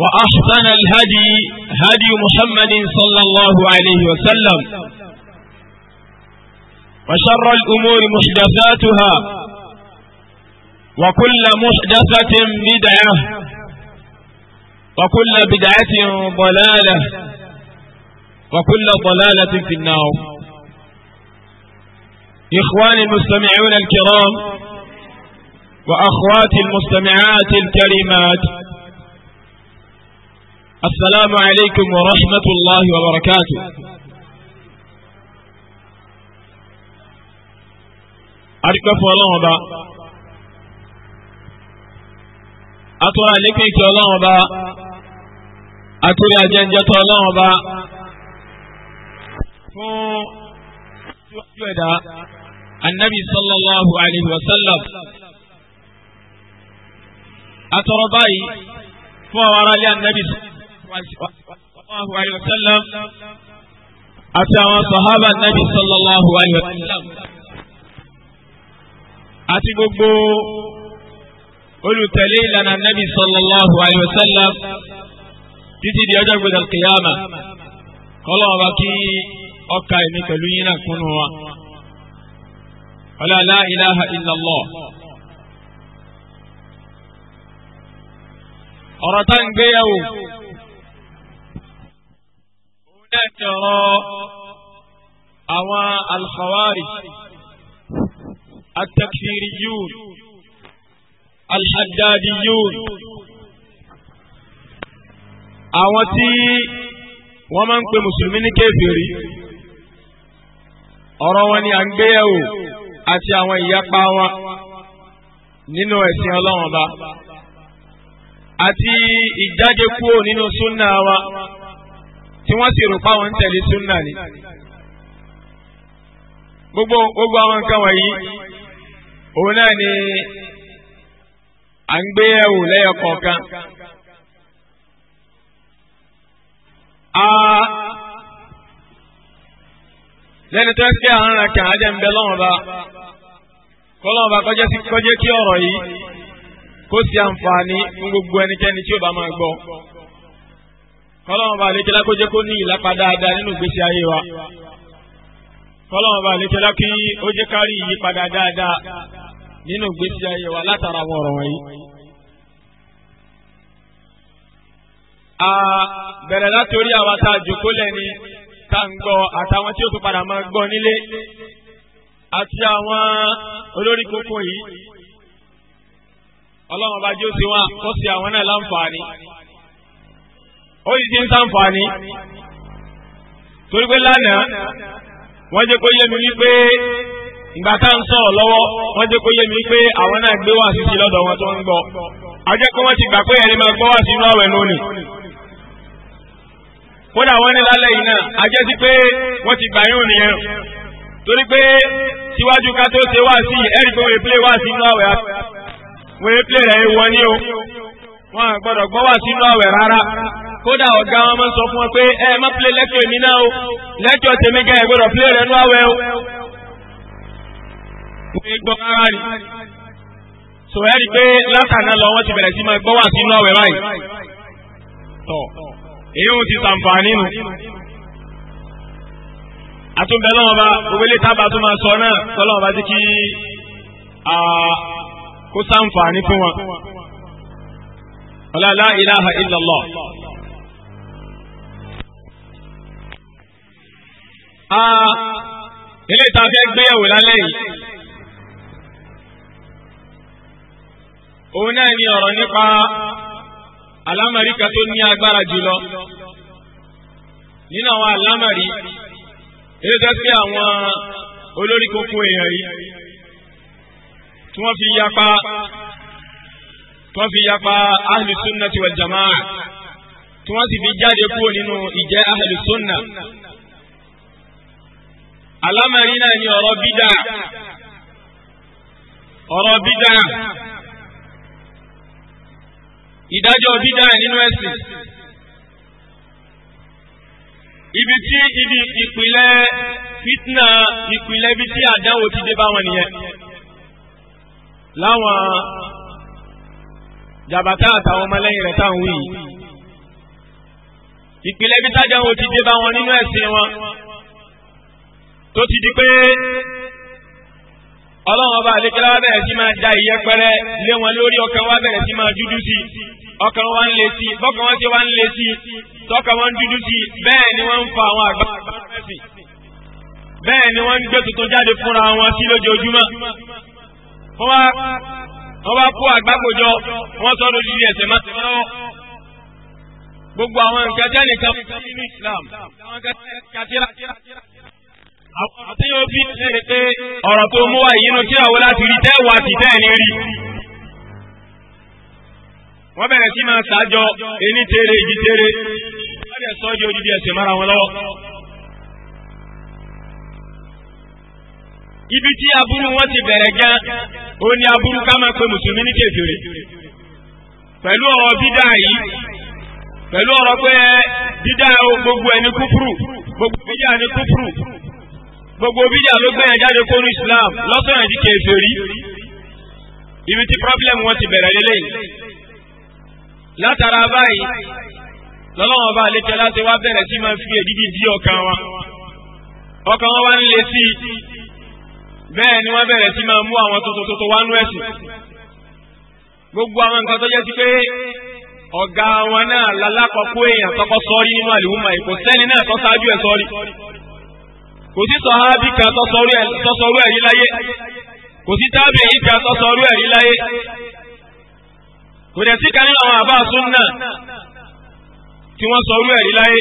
وأحسن الهدي هدي محمد صلى الله عليه وسلم وشر الأمور محدثاتها وكل محدثة بدعة وكل بدعة ضلالة وكل ضلالة في النار إخواني المستمعون الكرام وأخواتي المستمعات الكريمات السلام عليكم ورحمة الله وبركاته أركف الله با أطلع لك الله با أطلع جنجة الله با النبي صلى الله عليه وسلم أترى باي فهو على النبي sallallahu alayhi wa sallam àti àwọn sahaba nabi sallallahu alayhi wa sallam àti gbogbo olùtẹ̀lé ìlànà nabi sallallahu alayhi wa sallam títí di ọjọ́ gbọdọ̀ kìyàmà kọ́lọ́ ọba kí ọkà ẹ̀mí pẹ̀lú yín náà kúnnú wa. ọlá la ilaha illallah. ọ̀rọ̀ tá ń gbéyàwó kẹ́kọ̀ọ́ àwọn alkhawarij التكفيريون الحداديون àwọn tí wọ́n máa ń pè mùsùlùmí ní kéfèrí ọ̀rọ̀ wọn ni à ń gbé àti àwọn ìyapa wọn nínú ẹ̀sìn ọlọ́wọ́n ba àti ìjáde kúrò nínú súnà wọn tí wọ́n sì rò páwọn ń tẹ̀lé súnà ni. gbogbo gbogbo àwọn nǹkan wọ̀nyí òun náà ni à ń gbé ẹ̀wò lẹ́yọ kọ̀ọ̀kan. lẹ́ni tó ń kí àárín akẹ́ àjẹ́ ń bẹ lọ́wọ́n bá kọ́lọ́wọ́n bá kọjá kí ọ̀rọ̀ yìí kó sì àǹfààní fún gbogbo ẹnikẹ́ni tí ó bá máa gbọ́. kọ́lọ́wọ́n bá àlékẹ́lá kó jẹ́ kó ní ìlápa dáadáa nínú ìgbésí ayé wa kọ́lọ́wọ́n bá àlékẹ́lá kí ó jẹ́ kárí ìyípadà dáadáa nínú ìgbésí ayé àwọn wọ̀nyí. a bẹ̀rẹ̀ látòrí àwa tá a jòkó lẹ́ni tá ń àtàwọn tí ó tún padà máa gbọ́ nílé àti àwọn olórí kókó yìí ọlọ́wọ́n bá kó sí ó sì ti ń sàǹfààní torí pé lánàá wọ́n jẹ́ kó yé mi wípé ìgbà tá ń sọ̀rọ̀ lọ́wọ́ wọ́n jẹ́ kó yé mi wípé àwọn náà gbé wá sísí lọ́dọ̀ wọn tó ń gbọ́ ajẹ́ pé wọ́n ti gbà pé ẹni máa gbọ́ wá sínú àwẹ̀ lónìí kódà wọ́n ní lálẹ́ yìí náà ajẹ́ sí pé wọ́n ti gbà yóò nìyẹn torí pé síwájú ká tó ṣe wá sí ẹ̀rí pé wọ́n èplé wá sínú àwẹ̀ wọ́n èplé rẹ̀ wọ́n ní o wọ́n gbọ́dọ̀ gbọ́ wá sínú àwẹ̀ rárá kódà ọ̀gá wọn máa ń sọ fún wọn pé ẹ má play lecture mi náà o lecture tèmi gan ẹ gbọ́dọ̀ play rẹ̀ nú àwẹ̀ o. wọ́n yé gbọ́ ara rẹ̀ sọ ẹ́ rí i pé látàná lọ wọ́n ti bẹ̀rẹ̀ sí máa gbọ́ wà sínú àwẹ̀ báyìí. tọ́ èyí ò ti sàǹfààní nù. àtúntẹ̀ náà bá òwélé tábà tó máa sọ náà tọ́lọ́wọ́n bá ti kí kó sàǹfààní fún wọn. ọlá la ilaha illallah. ilé ah, ìta fẹ́ gbéyàwó lálẹ́ yìí òun náà ni ọ̀rọ̀ nípa alámàrí kan tó ní agbára jùlọ nínú àwọn alámàrí ilé tẹ́ sí àwọn olórí kókó èèyàn yìí tí wọ́n fi yapa tí wọ́n fi yapa ahlu sunnati wal jamaa tí wọ́n sì fi jáde kúrò nínú ìjẹ́ ahlu sunna alámàrí náà ni ọ̀rọ̀ bídà ọ̀rọ̀ bídà ìdájọ́ bídà nínú ẹ̀sìn ibi tí ibi ìpìlẹ̀ fitna ìpìlẹ̀ ibi tí àdánwò ti dé bá wọn nìyẹn láwọn jàbátá àtàwọn ọmọlẹ́yìn rẹ̀ táwọn wí ìpìlẹ̀ ibi tájà wọn ti dé bá wọn nínú ẹ̀sìn wọn tó ti di pé ọlọ́run ọba àdékẹ́lá wa bẹ̀rẹ̀ sí máa da ìyẹpẹrẹ lé wọn lórí ọkàn wa bẹ̀rẹ̀ sí máa dúdú sí ọkàn wa ń le sí bọ́kàn wọn ti wá ń le sí tọ́kàn wọn dúdú sí bẹ́ẹ̀ ni wọ́n ń fa àwọn àgbà mẹ́sì bẹ́ẹ̀ ni wọ́n ń gbé tuntun jáde fúnra wọn sí lójoojúmọ́ wọ́n wá wọ́n wá kó àgbákòjọ wọ́n sọ lójú ilé ẹ̀sẹ̀ má gbogbo àwọn nǹkan tẹ́lẹ̀ kan nínú Islam àwọn nǹkan tẹ́lẹ̀ kan àwọn ọ̀rọ̀ tí yóò fi lẹ́rìí pé ọ̀rọ̀ tó mú wá ìyínú kí àwọn láti rí tẹ́wà ti tẹ́ ní rí. wọ́n bẹ̀rẹ̀ sí máa ṣàjọ ení tere ìdí tere wọ́n bẹ̀rẹ̀ sọ́jú odidi ẹ̀sẹ̀ mara wọn lọ́wọ́. ibi tí aburú wọn ti bẹ̀rẹ̀ gan ó ní aburú ká máa pe mùsùlùmí ní kèfèrè pẹ̀lú ọ̀rọ̀ dídá yìí pẹ̀lú ọ̀rọ̀ pé dídá gbogbo ẹni kúkúrú gbogbo ẹni kúkúrú gbogbo bídíà ló gbẹ̀yàn jáde kónú islam lọ́sọ̀rọ̀ ẹ̀dí kèfèrí ibi tí problem wọn ti bẹ̀rẹ̀ lélẹ́yìn látara báyìí lọ́lọ́wọ́n bá àlékẹ́ láti wá bẹ̀rẹ̀ sí máa fi èdìdì dí ọkàn wa ọkàn wọn wá ń le sí bẹ́ẹ̀ ni wọ́n bẹ̀rẹ̀ sí máa mú àwọn tuntun wá nú ẹ̀sìn gbogbo àwọn nǹkan tó jẹ́ sí pé ọ̀gá wọn náà lálákọ̀ọ́kọ́ èèyàn tọkọ sọ́rí nínú àlùmọ̀ ìkò sẹ́ni kò sí sọ̀hábì kan tọ́sọ̀rú ẹ̀rí láyé kò sí tábì èyí kan tọ́sọ̀rú ẹ̀rí láyé kò dẹ̀ sí kan nínú àwọn àbá súnnà tí wọ́n sọ̀rú ẹ̀rí láyé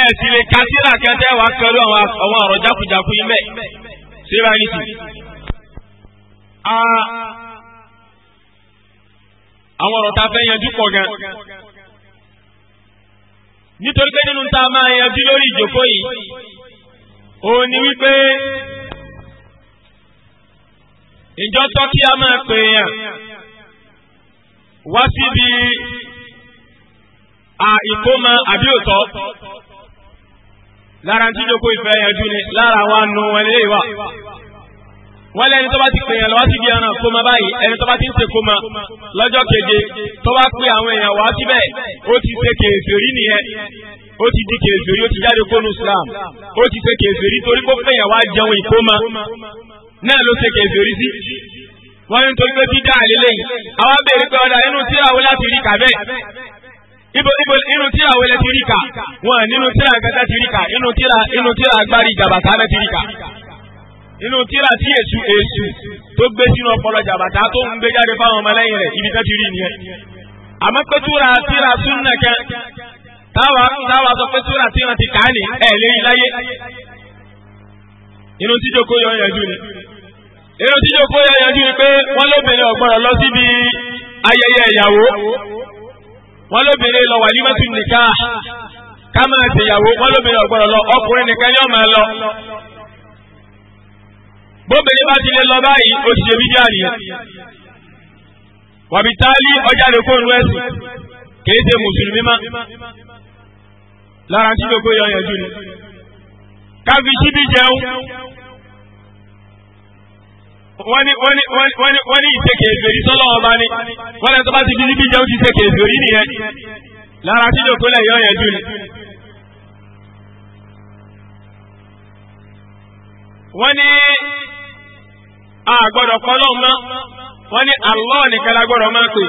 ẹ̀ sì lè ka síra kẹtẹ́ wa pẹ̀lú àwọn ọ̀rọ̀ jákujàku yìí mẹ́ síra ní ti. àwọn ọ̀rọ̀ tá a fẹ́ yanjú pọ̀ gan nítorí pé nínú tá a máa yanjú lórí ìjókòó yìí ó ní wípé ìjọ tọ́ kí a máa pè yàn wá síbi ìkómọ àbíòtọ́ lára tí jókòó ìfẹ́ yanjú ni lára wa nu wọn lè wà wọ́n lẹ́ni tó bá ti pè yàn lọ́wọ́ síbi ẹran kómọ báyìí ẹni tó bá ti ń ṣe kómọ lọ́jọ́ keje tó bá pè àwọn èèyàn wá síbẹ̀ ó ti ṣe kèèfèrí nìyẹn ó ti di kèfèrí ó ti jáde kónú Islam ó ti ṣe kèfèrí torí kó fẹ̀yàn wá jẹun ìkómọ náà ló ṣe kèfèrí sí wọ́n ní nítorí pé bídà lélẹ́yìn àwa béèrè pé ọ̀dà inú tí àwọn láti rí kà bẹ́ẹ̀ ibo ibo inú tí àwọn ẹlẹ́ ti rí kà wọ́n nínú tí àgàtà ti rí kà inú tí inú tí agbárí jàbàtà náà ti rí kà inú tíra tí èṣù èṣù tó gbé sínú ọpọlọ jàbàtà tó ń gbé jáde fáwọn ọmọlẹ́yìn rẹ̀ ibi tó ti rí nìyẹn àmọ́ pé túra tíra súnnà kan táwa táwa sọ pé súrà tí wọn ti kà á ní ẹ léyìn láyé inú tíjókòó yọ yanjú ni inú tíjókòó yọ yanjú ni pé wọn lóbìnrin ọgbọràn lọ síbi ayẹyẹ ìyàwó wọn lóbìnrin lọ wà ní mẹtù nìka ká máa ṣèyàwó wọn lóbìnrin ọgbọràn lọ ọkùnrin nìkan yóò máa lọ bóbìnrin bá ti lè lọ báyìí ó ti ṣe bídíà nìyẹn wàbí táálí ọjà lè kó nu ẹsùn kì í ṣe mùsùlùmí má lára tí gbogbo yọ yẹn jù ni ká fi síbi jẹun wọ́n ní wọ́n ní wọ́n ní wọ́n ní ìṣèkè ìfèrí sọ́lọ́ ọba ni wọ́n lẹ́nu tó bá ti fi síbi jẹun ti ṣèkè ìfèrí nìyẹn lára tí gbogbo lẹ̀ yọ jù ni. wọ́n ní àgbọ̀dọ̀ pọ́lọ́ mọ́ wọ́n ní Allah nìkan lágbọ́dọ̀ máa pè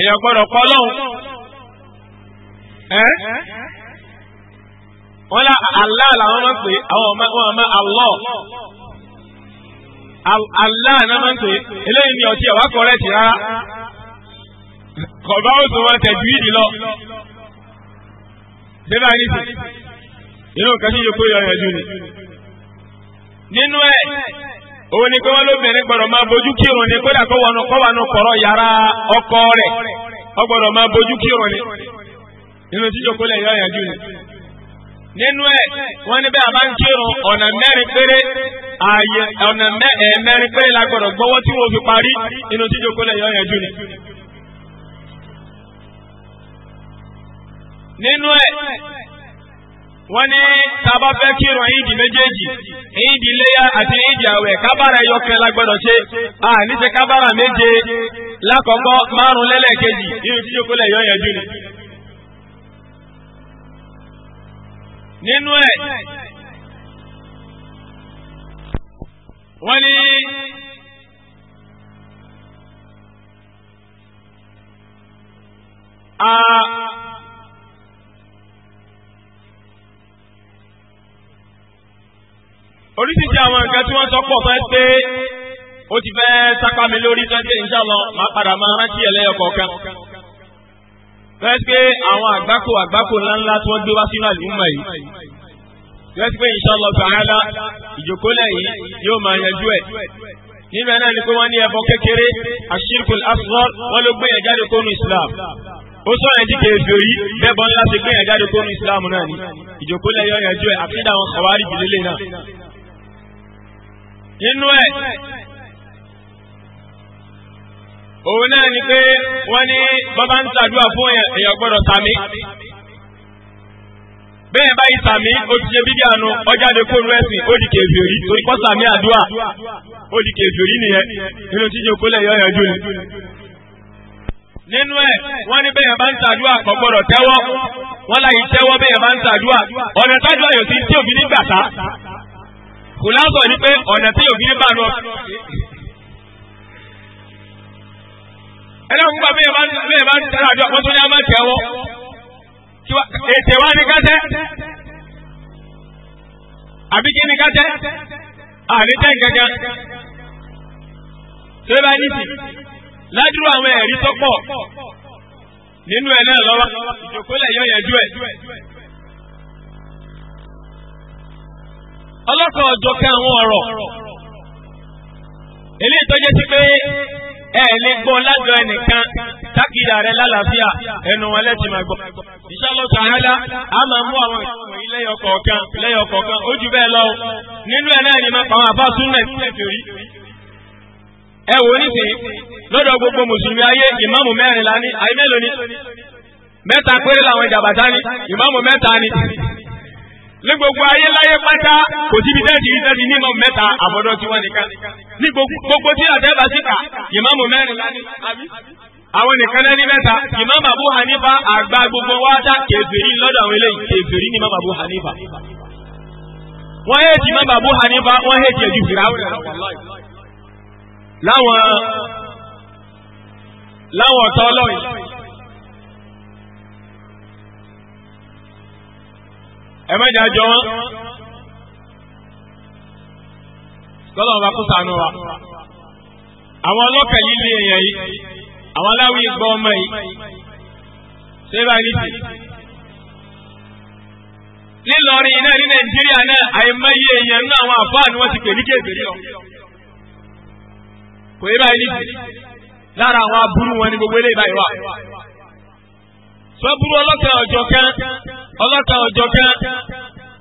èèyàn gbọ́dọ̀ pọ́lọ́ ẹ́ wọ́n ya Allah làwọn máa ń pè àwọn ọmọ wọn máa Allah Allah náà máa ń pè eléyìí ni ọtí ẹ̀wá kọ́rẹ́tì rárá kọ̀ọ̀bá ó sọ wọn tẹ̀jú lọ. Débà ní sè, inú kan ṣíṣe kó yọyàn ni. Nínú ẹ̀, òun ni pé wọ́n lóbìnrin gbọ́dọ̀ máa bójú ni wọnú kọ́wọ́nú yàrá ọkọ rẹ̀, máa nínú tí jókòó lẹ̀ yọ ìyànjú ni. nínú ẹ̀ wọ́n ní bẹ́ẹ̀ bá ń kírun ọ̀nà mẹ́rin péré ààyè ọ̀nà mẹ́rin péré la gbọ́dọ̀ gbọ́wọ́ tí wọ́n fi parí nínú tí jókòó yọ ìyànjú ni. nínú ẹ̀ wọ́n ní tábà fẹ́ kírun ìdí méjèèjì ìdí iléyà àti ìdí àwẹ̀ kábàrà ẹ̀yọkẹ́ la ṣe à níṣẹ́ kábàrà méje lákọ̀ọ́kọ́ márùn-ún nínú tí jókòó yọ ìyànjú ni. nínú ẹ̀ wọ́n ní a oríṣiríṣi àwọn nǹkan tí wọ́n sọ pọ̀ sọ pé ó ti fẹ́ sápá mi lórí tó ń ṣe inshallah máa padà máa rántí ẹlẹ́yọ̀ kọ̀ọ̀kan fẹ́ẹ́ pé àwọn àgbákò àgbákò ńláńlá tí wọ́n gbé wá sínú àlùmọ̀ yìí fẹ́ẹ́ pé inshallah ta'ala ìjòkólẹ̀ yìí yóò máa yanjú ẹ̀ nínú ẹ̀ náà ni pé wọ́n ní ẹbọ kékeré ashirkul asghar wọ́n ló gbé yẹn jáde kónú islam ó sọ yẹn dìde èdè yìí bẹ́ẹ̀bọ ńlá ti gbé yẹn jáde kónú islam náà ni ìjòkólẹ̀ yọ yanjú ẹ̀ àfihàn àwọn kàwárí bìlélẹ̀ náà nínú òun náà ni pé wọ́n ní bàbá ń tàdúrà fún èèyàn gbọ́dọ̀ sàmí bẹ́ẹ̀ báyìí sàmí ó ti ṣe bíbí àánú ọjáde kóònù ẹ̀sìn ó di kèfèrí torí pọ́ sàmí àdúrà ó di kèfèrí nìyẹn nínú jíjẹ òkúlẹ̀ yọ yanjú ni. nínú ẹ̀ wọ́n ní bẹ́ẹ̀ bá ń tàdúrà kò gbọ́dọ̀ tẹ́wọ́ wọ́n láyìí tẹ́wọ́ bẹ́ẹ̀ bá ń tàdúrà ọ̀nà tàdúrà yóò ti tí òbí nígbà ta kò lásọ̀ ní pé ọ̀nà tí òbí nígbà náà ẹ̀rọ ń gbà bẹ́ẹ̀ bá ń tẹ̀lé àjọ àwọn tó ní àmàkì ẹ̀wọ́ ètè wa ní kátẹ́ àbí kí ni kátẹ́ bá ládùúrú àwọn ẹ̀rí tó pọ̀ nínú ẹ̀ náà lọ́wọ́ ìjòkólẹ̀ yọ yẹn ẹ̀. àwọn ọ̀rọ̀ eléyìí tó jẹ́ sí pé. ẹ lè gbọ́ ládọ̀ ẹnìkan tákìdá rẹ lálàáfíà ẹnu wọn lẹ́tì máa gbọ́. a máa mú àwọn ìwọ̀nyí lẹ́yọ kọ̀ọ̀kan lẹ́yọ kọ̀ọ̀kan ó jù bẹ́ẹ̀ lọ. nínú ẹ̀ náà ni máa pa àbá gbogbo mùsùlùmí ayé ìmáàmù mẹ́rin ayé ni mẹ́ta péré làwọn ìjàmbá ní gbogbo ayé láyé pátá kò síbi tẹ́ẹ̀tì yìí tẹ́ẹ̀tì ní ìmọ̀ mẹ́ta àbọ̀dọ̀ tí wọ́n nìkan ní gbogbo tí àtẹ́bà síta ìmáàmù mẹ́rin lánìí àwọn nìkan lẹ́ni mẹ́ta ìmáàmù Abu Hanifa àgbà gbogbo wa dá kèfèrí lọ́dọ̀ àwọn eléyìí kèfèrí ní ìmáàmù Abu Hanifa wọ́n hẹ́ẹ̀tì ìmáàmù Abu Hanifa wọ́n hẹ́ẹ̀tì ẹ̀jú fìràwọ̀ láwọn ọ̀tọ̀ ẹ jọ wọn kọlọ ọba kó sànù wa àwọn ọlọ́kà yìí lé èèyàn yìí àwọn aláwìí gbọ́ ọmọ yìí nílọrin ní nàìjíríà náà àìmọye èèyàn àwọn àfáà ni wọ́n ti pè ní kò báyìí lára sọ́búrú ọlọ́kan ọ̀jọ̀ kan ọlọ́kan ọ̀jọ̀ kan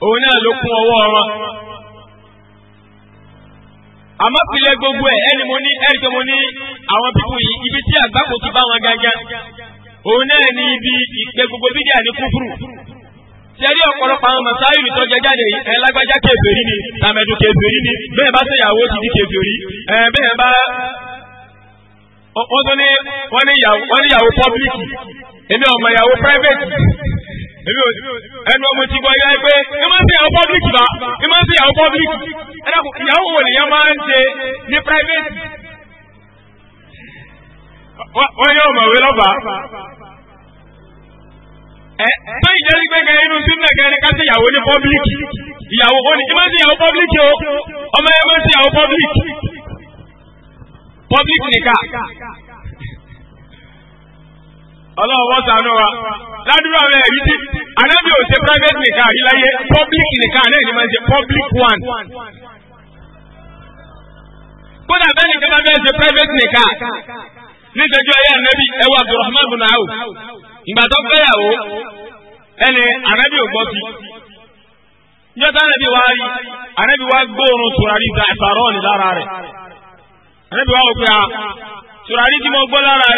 òun náà ló kún ọwọ́ wọn. àmọ́ pilẹ̀ gbogbo ẹ̀ ẹni mo ní ẹ̀rí pé mo ní àwọn pípù yìí ibi tí àgbákò ti bá wọn gángan òun náà ní ibi ìpè gbogbo bídíà ní kúfùrù sẹ́rí ọ̀pọ̀lọpọ̀ àwọn mọ̀sáìlì tó jẹjáde yìí ẹ lágbájá kèfèrí ni tàmẹ̀dù kèfèrí ni bẹ́ẹ̀ bá ṣèyàwó ti di kèfèrí ẹ bẹ́ẹ̀ bá wọ́n ní ìyàwó pọ́blíkì èmi ọmọ ìyàwó private èmi ò ẹnu ọmọ ti gbọ́ yáa pé ẹ máa ń ṣe ìyàwó public bá ẹ máa ń ṣe ìyàwó public ẹ dàpọ̀ ìyàwó máa ń ṣe ní private. wọ́n yọ ọmọ ìwé lọ́ba. ẹ tó ìjẹ́ sí pé kẹrin inú sílẹ̀ kẹrin ká ṣe ìyàwó ní public ìyàwó ó ní ẹ máa ń ṣe ìyàwó public o ọmọ ẹ máa ń ṣe ìyàwó public public nìkan. ọlọ́wọ́ sànú wa ládùúgbò àwọn ẹ̀rí tí anábì ò ṣe private nìkan àríláyé public nìkan náà ni ṣe public one. kódà bẹ́ẹ̀ nìkan máa bẹ́ẹ̀ ṣe private nìkan níṣẹ́jú ẹ̀wọ̀ abdulrahman ìgbà tó fẹ́yàwó ẹni ò gbọ́ sí. wá rí wá gbóòórùn sùràrí lára rẹ̀ wá wò pé a ah, sùràrí tí mo gbọ́ lára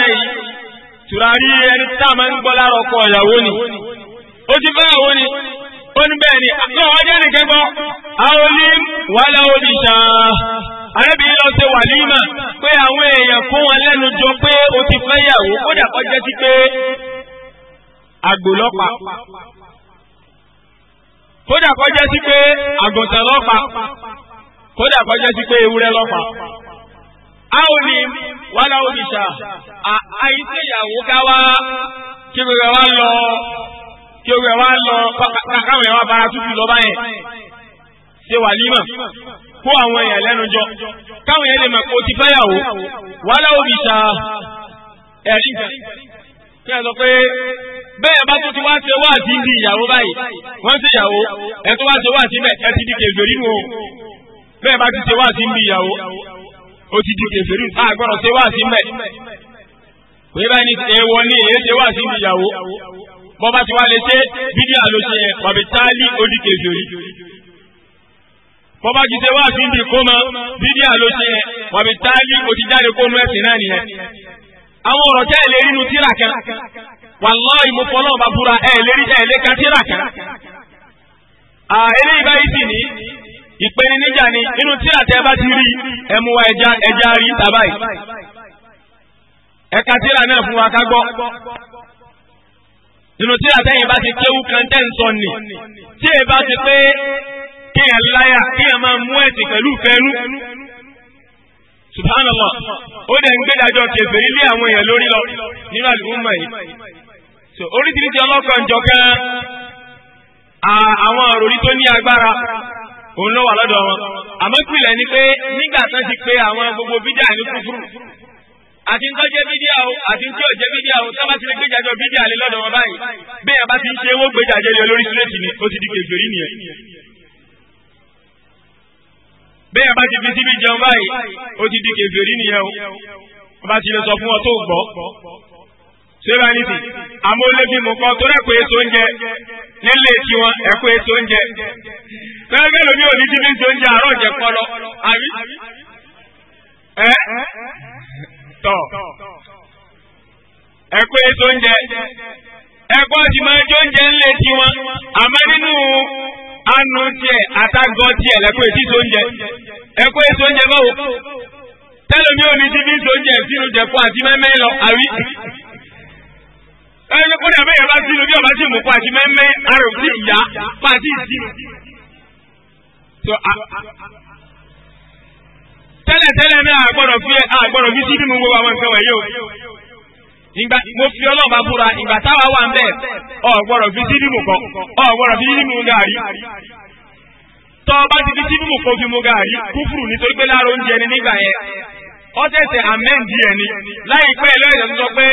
tùràrí ẹni tá a máa ń gbọ́ lára ọkọ ìyàwó ni ó ti fẹ́ ìyàwó ni ó ní bẹ́ẹ̀ ni àtúnwò ọjọ́ nìkan gbọ́ àwọn ní wàhálà òbí ṣàn arábìnrin lọ ṣe wàlímà pé àwọn èèyàn fún wọn lẹ́nu jọ pé ó ti fẹ́ ìyàwó kódà kọjá sí pé àgbò lọ́pa kódà kọjá sí pé àgùntàn lọ́pa kódà kọjá sí pé ewúrẹ́ lọ́pa aoni wala onisa a ayiseyawo gawa kebere wa lọ kebere wa lọ kakawe wa bara tutu lọ báyẹn ṣe wàlímà kó àwọn èèyàn lẹ́nu jọ káwọn èèyàn lè mọ̀ kó ti fẹ́yàwó wala onisa ẹ̀rí kí ẹ sọ pé bẹ́ẹ̀ bá tó ti wá ṣe wáàsí di ìyàwó báyìí wọ́n ṣe ìyàwó ẹ tó wá ṣe wáàsí bẹ́ẹ̀ ẹ ti di kèjò nínú o bẹ́ẹ̀ bá ti ṣe wáàsí di ìyàwó ó ti di kèfèrí àgbọ̀rọ̀ ṣe wá sí mẹ́ pé báyìí ní ẹwọ ní èyí ṣe wá sí ìyàwó bọ́bá ti wá lè ṣe bídí àlóṣe yẹn pàbí táálí ó di kèfèrí bọ́bá ti ṣe wá sí ibi kómọ bídí àlóṣe yẹn pàbí táálí ó ti jáde kómọ ẹ̀sìn náà nìyẹn àwọn ọ̀rọ̀ tẹ́ ẹ̀ lè rí tíra kan wàláhì mo búra ẹ̀ lè rí ẹ̀ lè kan tíra kan ìpeni níjà ni inú tí àtẹ bá ti rí ẹmu wa ẹja ẹja rí tàbáyì ẹka tíra náà fún wa ká gbọ́ inú tí àtẹyìn bá ti kéwú kan tẹ́ ń sọ nì tí èyí bá ti pé kéèyàn láyà kéèyàn máa mú ẹ̀sìn pẹ̀lú fẹ́nu subhanallah ó dẹ̀ ń gbẹ́dájọ́ kẹfẹ́ ilé àwọn èèyàn lórí lọ nínú àlùmọ́ yìí so oríṣiríṣi ọlọ́kan jọ̀kan àwọn àròrí tó ní agbára òun lọ́wọ́ lọ́dọ̀ wọn àmọ́ pìlẹ̀ ni pé nígbà tán ti pé àwọn gbogbo bídíà ní kúfúrú àti ń tọ́jẹ́ bídíà o àti ń tí ò jẹ́ bídíà o sábà ti lè gbéjàjọ bídíà lé lọ́dọ̀ wọn báyìí bẹ́ẹ̀ bá ti ń ṣe owó gbéjàjọ lé olórí sílẹ̀tì ni ó ti di kèfèrí nìyẹn bẹ́ẹ̀ bá ti fi síbi jẹun báyìí ó ti di kèfèrí nìyẹn o bá ti lè sọ fún ọ tó gbọ́ sẹ́wà níbi àmọ́ ó lé bí tó rẹ̀ pé èso oúnjẹ nílé tiwọn ẹ̀kọ́ èso oúnjẹ Gẹ́gẹ́ lómi ò ní ti fi ń ṣe àárọ̀ jẹ pọlọ, àbí? Ẹ tọ̀ ẹ ètò oúnjẹ ẹ̀kọ́ ti máa jó oúnjẹ ńlẹ̀ tiwọn àmọ́ nínú anu tiẹ̀ àtàgọ́ tiẹ̀ lẹ́kọ́ ètò oúnjẹ ẹ̀kọ́ ètò oúnjẹ báwo tẹ́lẹ̀mí lọ bá sínú bí ọba mú mẹ́mẹ́ ìyá pàtí tẹ́lẹ̀tẹ́lẹ̀ ah. náà àgbọ̀dọ̀ fi àgbọ̀dọ̀ fi sí nínú gbogbo àwọn ìgbà mo fi ọlọ́ọ̀bá búra ìgbà táwa wà ń bẹ̀ ọ̀gbọ̀dọ̀ fi sí nínú ọ̀gbọ̀dọ̀ fi sí nínú gàrí tọ́ ti fi sí nínú fi mu gàrí kúfùrù nítorí pé láàárọ̀ oúnjẹ ni nígbà yẹn ó tẹ̀sẹ̀ amẹ́ǹdì ẹ̀ ni láìpẹ́ sọ pé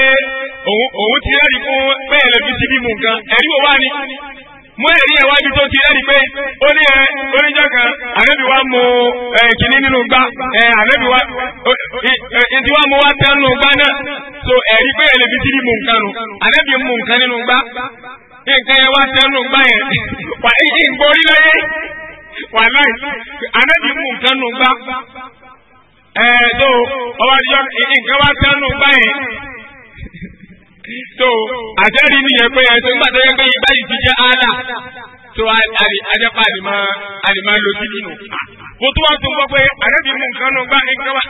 mo èrí ẹ̀ wájú tó ti rẹ́ni pé ó ní ẹ oníjọ́ kan àbẹ́bí wa mú ẹ kìíní nínú gbá ẹ wa e, e, wa mú wa tẹ́ nínú gbá náà so ẹ̀rí pé ẹ̀lẹ́bí ti rí mú nǹkan nù àbẹ́bí mú nǹkan nínú gbá nǹkan yẹn wá tẹ́ nínú gbá yẹn wà ìdí wà láì mú nǹkan nínú gbá tó àjẹ́rìí nìyẹn pé ẹ̀sùn nígbà tó yẹ pé ibà yìí ti jẹ́ àlà tó ajẹ́pá àlìmá lo títí nù. mo tún wá tún gbọ́ pé àrẹ́bí mú nǹkan náà gbá nǹkan wá.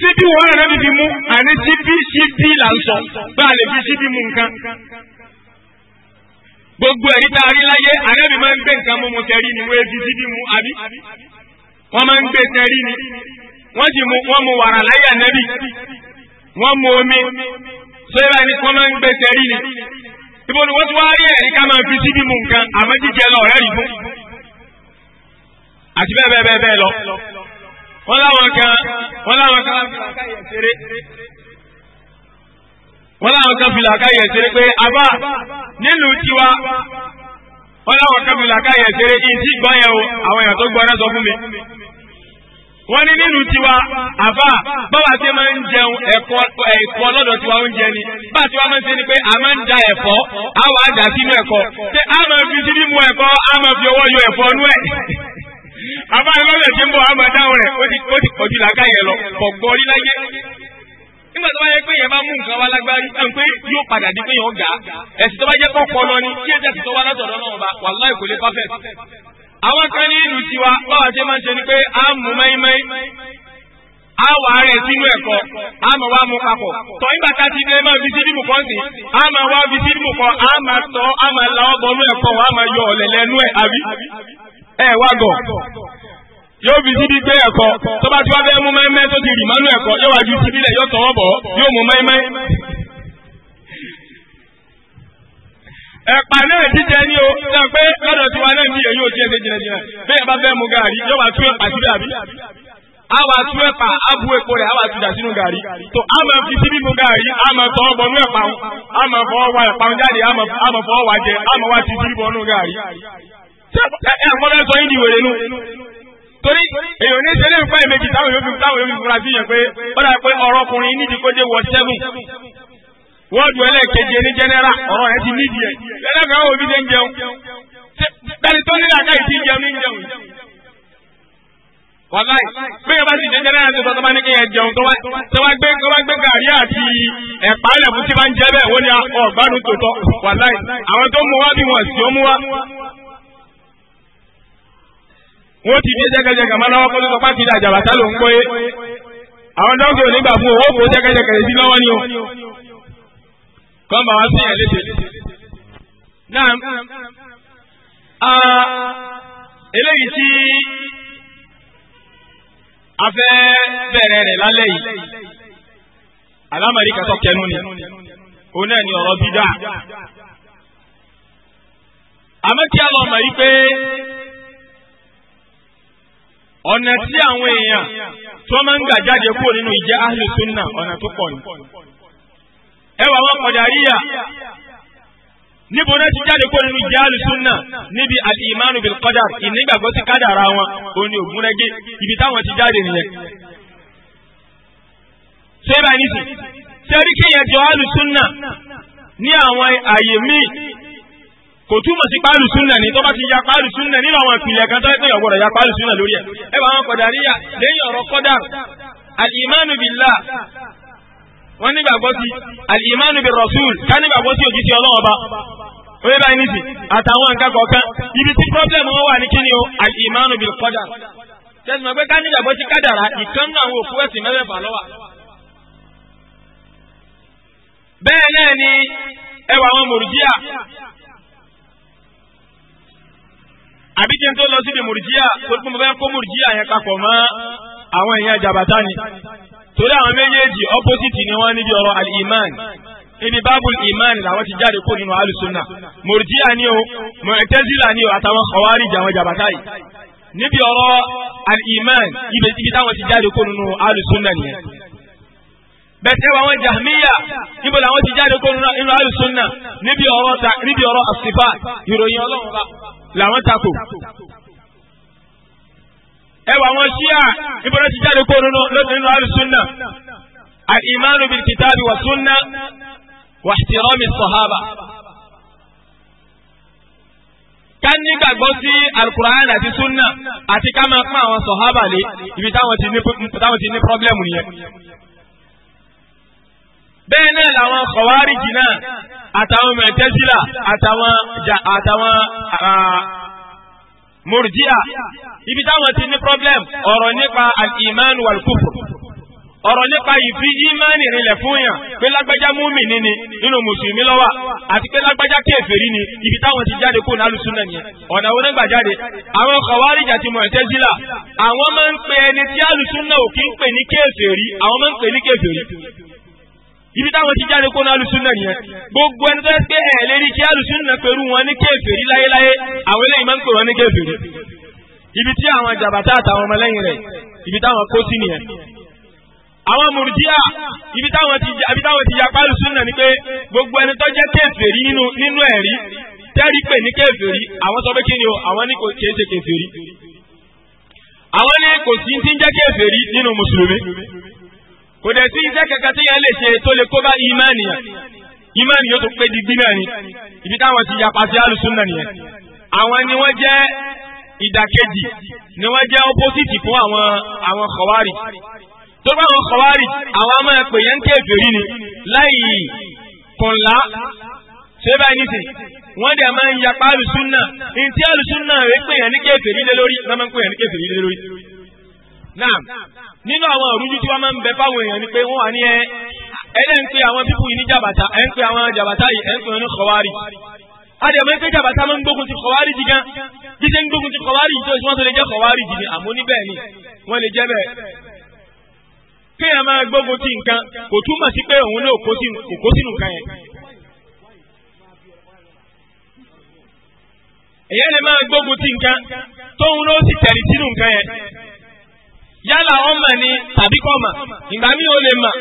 síbí wọn àrẹ́bí fi mú àní síbí síbí là ń sọ gbá lè fi síbí mú nǹkan. gbogbo ẹ̀rí tá a rí láyé àrẹ́bí máa ń gbé nǹkan mú mu tẹ̀rí ni wọ́n fi síbí mú àbí. wọ́n máa ń gbé tẹ̀rí ni wọ́n sì mú wọ́n mu wàrà láyé ànẹ́bí wọ́n mu omi sẹ́yìn ẹni kan máa ń gbé tẹ́rí ni ibo ni wọ́n ti wá rí ẹ̀rí ká máa fi síbi mu nǹkan àmọ́ jíjẹ lọ ọ̀rẹ́ rí fún àti bẹ́ẹ̀ bẹ́ẹ̀ bẹ́ẹ̀ bẹ́ẹ̀ lọ wọ́n láwọn kan wọ́n láwọn kan wọ́n láwọn kan fìlà káyẹ̀ ṣeré pé abá nílùú tiwa wọ́n láwọn kan fìlà káyẹ̀ ṣeré kí n yẹn o àwọn èèyàn tó gbọ́ náà wọ́n ní nínú tiwa àbá báwa tí máa ń jẹun ẹ̀kọ́ ẹ̀kọ́ tiwa oúnjẹ ni bá a ti máa pé a máa ń da a wà á dà sínú ẹ̀kọ́ ṣé a máa fi síbí mu ẹ̀kọ́ a máa fi ọwọ yọ ẹfọ nú tí ń a máa dáhùn ó ti ó ti lọ orí láyé. nígbà tó bá yẹ pé yẹn bá mú nǹkan wá lágbárí ẹ̀ ń pé yóò padà di pé ni kí tó wá àwọn kan ní ìlú tiwa báwa ṣe máa ń ṣe ni pé a mú a wà rẹ̀ sínú ẹ̀kọ́ a ti dé máa fi sídìmù kan sí a máa wá fi sídìmù kan a máa tọ́ a máa lawọ́ bọ́nú ẹ̀kọ́ a máa yọ ọ̀lẹ̀ lẹ́nu ẹ̀ àbí ẹ̀ wá gọ̀ yóò fi síbi gbé ẹ̀kọ́ fẹ́ mú mẹ́ẹ́mẹ́ tó ti rì mọ́nú ẹ̀kọ́ yóò wá ju síbi lẹ̀ yóò tọ́wọ́ bọ̀ yóò ẹ̀pà náà jíjẹ o náà pé lọ́dọ̀ tiwa náà ní èyí ò tiẹ̀ ṣe jìnnàjìnnà bẹ́ẹ̀ bá fẹ́ mu gàrí yóò wá tú ẹ̀pà síbẹ̀ àbí. a wà tú ẹ̀pà á bu epo rẹ̀ á wà tujà sínú gàrí tó a máa fi síbí mu a máa tọ́ bọnú ẹ̀pà ń a máa wa ẹ̀pà jáde a máa fọwọ́ wa jẹ a máa wá ti síbí ẹ wọ́ọ̀dù ẹlẹ́ẹ̀keje ní jẹ́nẹ́rà ọ̀rọ̀ ẹ ti níbi ẹ̀ lẹ́lẹ́fẹ̀ẹ́ wo bí ṣe ń jẹun bẹ́ẹ̀ni tó nílẹ̀ àká ìdí jẹun ní jẹun yìí. wàláì bí yẹn bá ti jẹ jẹ́nẹ́rà tó sọ́tọ́ bá ní kí yẹn jẹun tó wá gbé tó wá gbé gàrí àti ẹ̀pà ẹlẹ́fù tí bá ń jẹ́ bẹ́ẹ̀ wọ́n ní ah, ọ̀gbánu tòótọ́ wàláì àwọn tó mú wá bí wọn sì ó mú wá. wọ́n ti fi jẹ́gẹ́jẹ́gẹ́ máa lọ́wọ́ kó Kọọ maa ọ asịrị a ebe ti n'am a eleghịsi afee bèrè rè làlè yi. Alamali katọ kẹnu na ọ naanị ọrọ bido a. Amatị ala ọma ikpe, ọ na-esi ahụ ya, sọ ma nga dị adị ku n'ogige ahụ ịsị na ọ na ẹwà wọn kọ̀dàríyà níbo náà ti jáde kó nínú jáàlù súnà níbi al-imanu bil qadar ìnígbàgbọ́ sí kádàrá wọn òun ni ògúnrẹ́gé ibi táwọn ti jáde nìyẹn. ṣé báyìí nìsí sẹ́rí kéèyàn jọ alùsúnà ní àwọn àyè míì kò túmọ̀ sí páàlù súnà ní tó bá ti ya páàlù súnà nínú àwọn ìpìlẹ̀ kan tó ẹ̀kọ́ ìyọ̀gbọ̀dọ̀ ya páàlù súnà lórí ẹ̀ ẹ̀wọ̀n àwọn kọ̀dàríyà lẹ́yìn ọ̀rọ̀ kọ́dà wọ́n nígbàgbọ́ sí alìmánu bí rasul ká nígbàgbọ́ sí òjì sí ọlọ́wọ́ bá oye báyìí nìsí àtàwọn nǹkan kọ̀ọ̀kan ibi tí pọ́blẹ́mù wọn wà ní kíni o alìmánu bí kọ́dà tẹ̀sùn pé ká nígbàgbọ́ sí kádàrá ìkan náà wò fún ẹ̀sìn mẹ́fẹ̀ẹ̀fà lọ́wà. bẹ́ẹ̀ náà ni ẹwà àwọn mùrùjíà àbí kí n tó lọ síbi mùrùjíà tó kún mo fẹ́ kó mùrùjíà yẹn papọ̀ mọ́ àwọn èèyàn jàbátá ni torí àwọn méjèèjì opposite ni wọ́n níbi ọ̀rọ̀ al-iman níbi babul iman làwọn ti jáde kó nínú alùsùnà mùrìjíà ni o mọ̀ẹ́tẹ́sílà ni o àtàwọn khawarij àwọn jàbátá yìí níbi ọ̀rọ̀ al-iman ibi táwọn ti jáde kó nínú alùsùnà nìyẹn bẹ̀tẹ̀ wà wọn jahmiya níbo làwọn ti jáde kó nínú alùsùnà níbi ọ̀rọ̀ àsìfà ìròyìn ọlọ́run làwọn tako ẹwà wọn ṣíà ìbọ̀dọ̀ ti jáde kó nínú nínú alùsùnà alìmánu bìí kìtàbí wà súnà wà tìrọ́mì sọ̀hábà. ká nígbàgbọ́ sí alukur'an àti súnà àti ká máa pọ́n àwọn sọ̀hábà lé ibi táwọn ti ní pọ́blẹ́mù nìyẹn. bẹ́ẹ̀ náà làwọn kọ̀wárìjì náà àtàwọn mẹ̀tẹ́sílà àtàwọn àtàwọn murjia ibi táwọn ti ní problem ọ̀rọ̀ nípa al-iman wal-kufr ọ̀rọ̀ nípa ìfi ìmánì rinlẹ̀ fún yàn pé lágbájá mùmínì ni nínú mùsùlùmí lọ́wọ́ àti pé lágbájá kèfèrí ni ibi táwọn ti jáde kúrò nálùsù náà nìyẹn ọ̀nà wo nígbà jáde àwọn kọ̀wárìjì àti mọ̀tẹ́sílà àwọn máa ń pe ẹni tí àlùsù náà ò kí ń pè ní kèfèrí àwọn máa ń pè ní kèfèrí ibi táwọn ti jáde kó ní alùsùnà nìyẹn gbogbo ẹni tó yẹ pé ẹ lérí kí alùsùnà pẹ̀lú wọn ní kèfèrí láyéláyé àwọn eléyìí máa ń pè wọn ní kèfèrí ibi tí àwọn jàbàtà àtàwọn ọmọlẹ́yìn rẹ̀ ibi táwọn kó sí nìyẹn àwọn mùrùjíà ibi táwọn ti ibi táwọn ti yapa alùsùnà ni pé gbogbo ẹni tó jẹ́ kèfèrí nínú nínú ẹ̀rí tẹ́rí pè ní kèfèrí àwọn sọ pé kí ni o àwọn ní kò kìí àwọn ní kò sí ti kò dẹ̀ sí iṣẹ́ kankan tí yẹn lè ṣe tó lè kó bá ìmánì yẹn ìmánì yóò tó pé digbí náà ni ibi táwọn ti yapa sí alùsùn náà nìyẹn àwọn ni wọ́n jẹ́ ìdàkejì ni wọ́n jẹ́ opposite fún àwọn àwọn kọ̀wárì tó bá àwọn kọ̀wárì àwọn máa pè yẹn ń kèfèrí ni láì kọ̀ńlá ṣé báyìí nìsín wọ́n dẹ̀ máa ń yapa alùsùn náà ntí alùsùn náà rẹ̀ pè yẹn ní kèfèrí lé lórí náà máa ń pè yẹn ní kèfèrí lé lórí nínú àwọn òrújú tí wọ́n máa ń bẹ fáwọn èèyàn ni pé wọ́n wà ní ẹ ẹlẹ́ ń pe àwọn pípù yìí ní jàbàtà ẹ̀ ń pe àwọn jàbàtà yìí ẹ̀ ń pe wọn ní kọ̀wárì. adẹ̀mọ́ ń pe jàbàtà máa ń gbógun ti kọ̀wárì jì gan bí ṣe ń gbógun ti kọ̀wárì jì tó ìṣúná tó lè jẹ́ kọ̀wárì jì ni àmọ́ níbẹ̀ ni wọ́n lè jẹ́ bẹ́ẹ̀. kéèyàn máa gbógun ti nǹkan kò túmọ̀ sí pé òun náà kó sínú nǹkan yẹn. èèyàn lè máa gbógun ti nǹkan tóun náà sì tẹ̀lé sínú nǹkan yẹn yálà wọn ni ní tàbí kọ́ mà ìgbà mi ò lè mà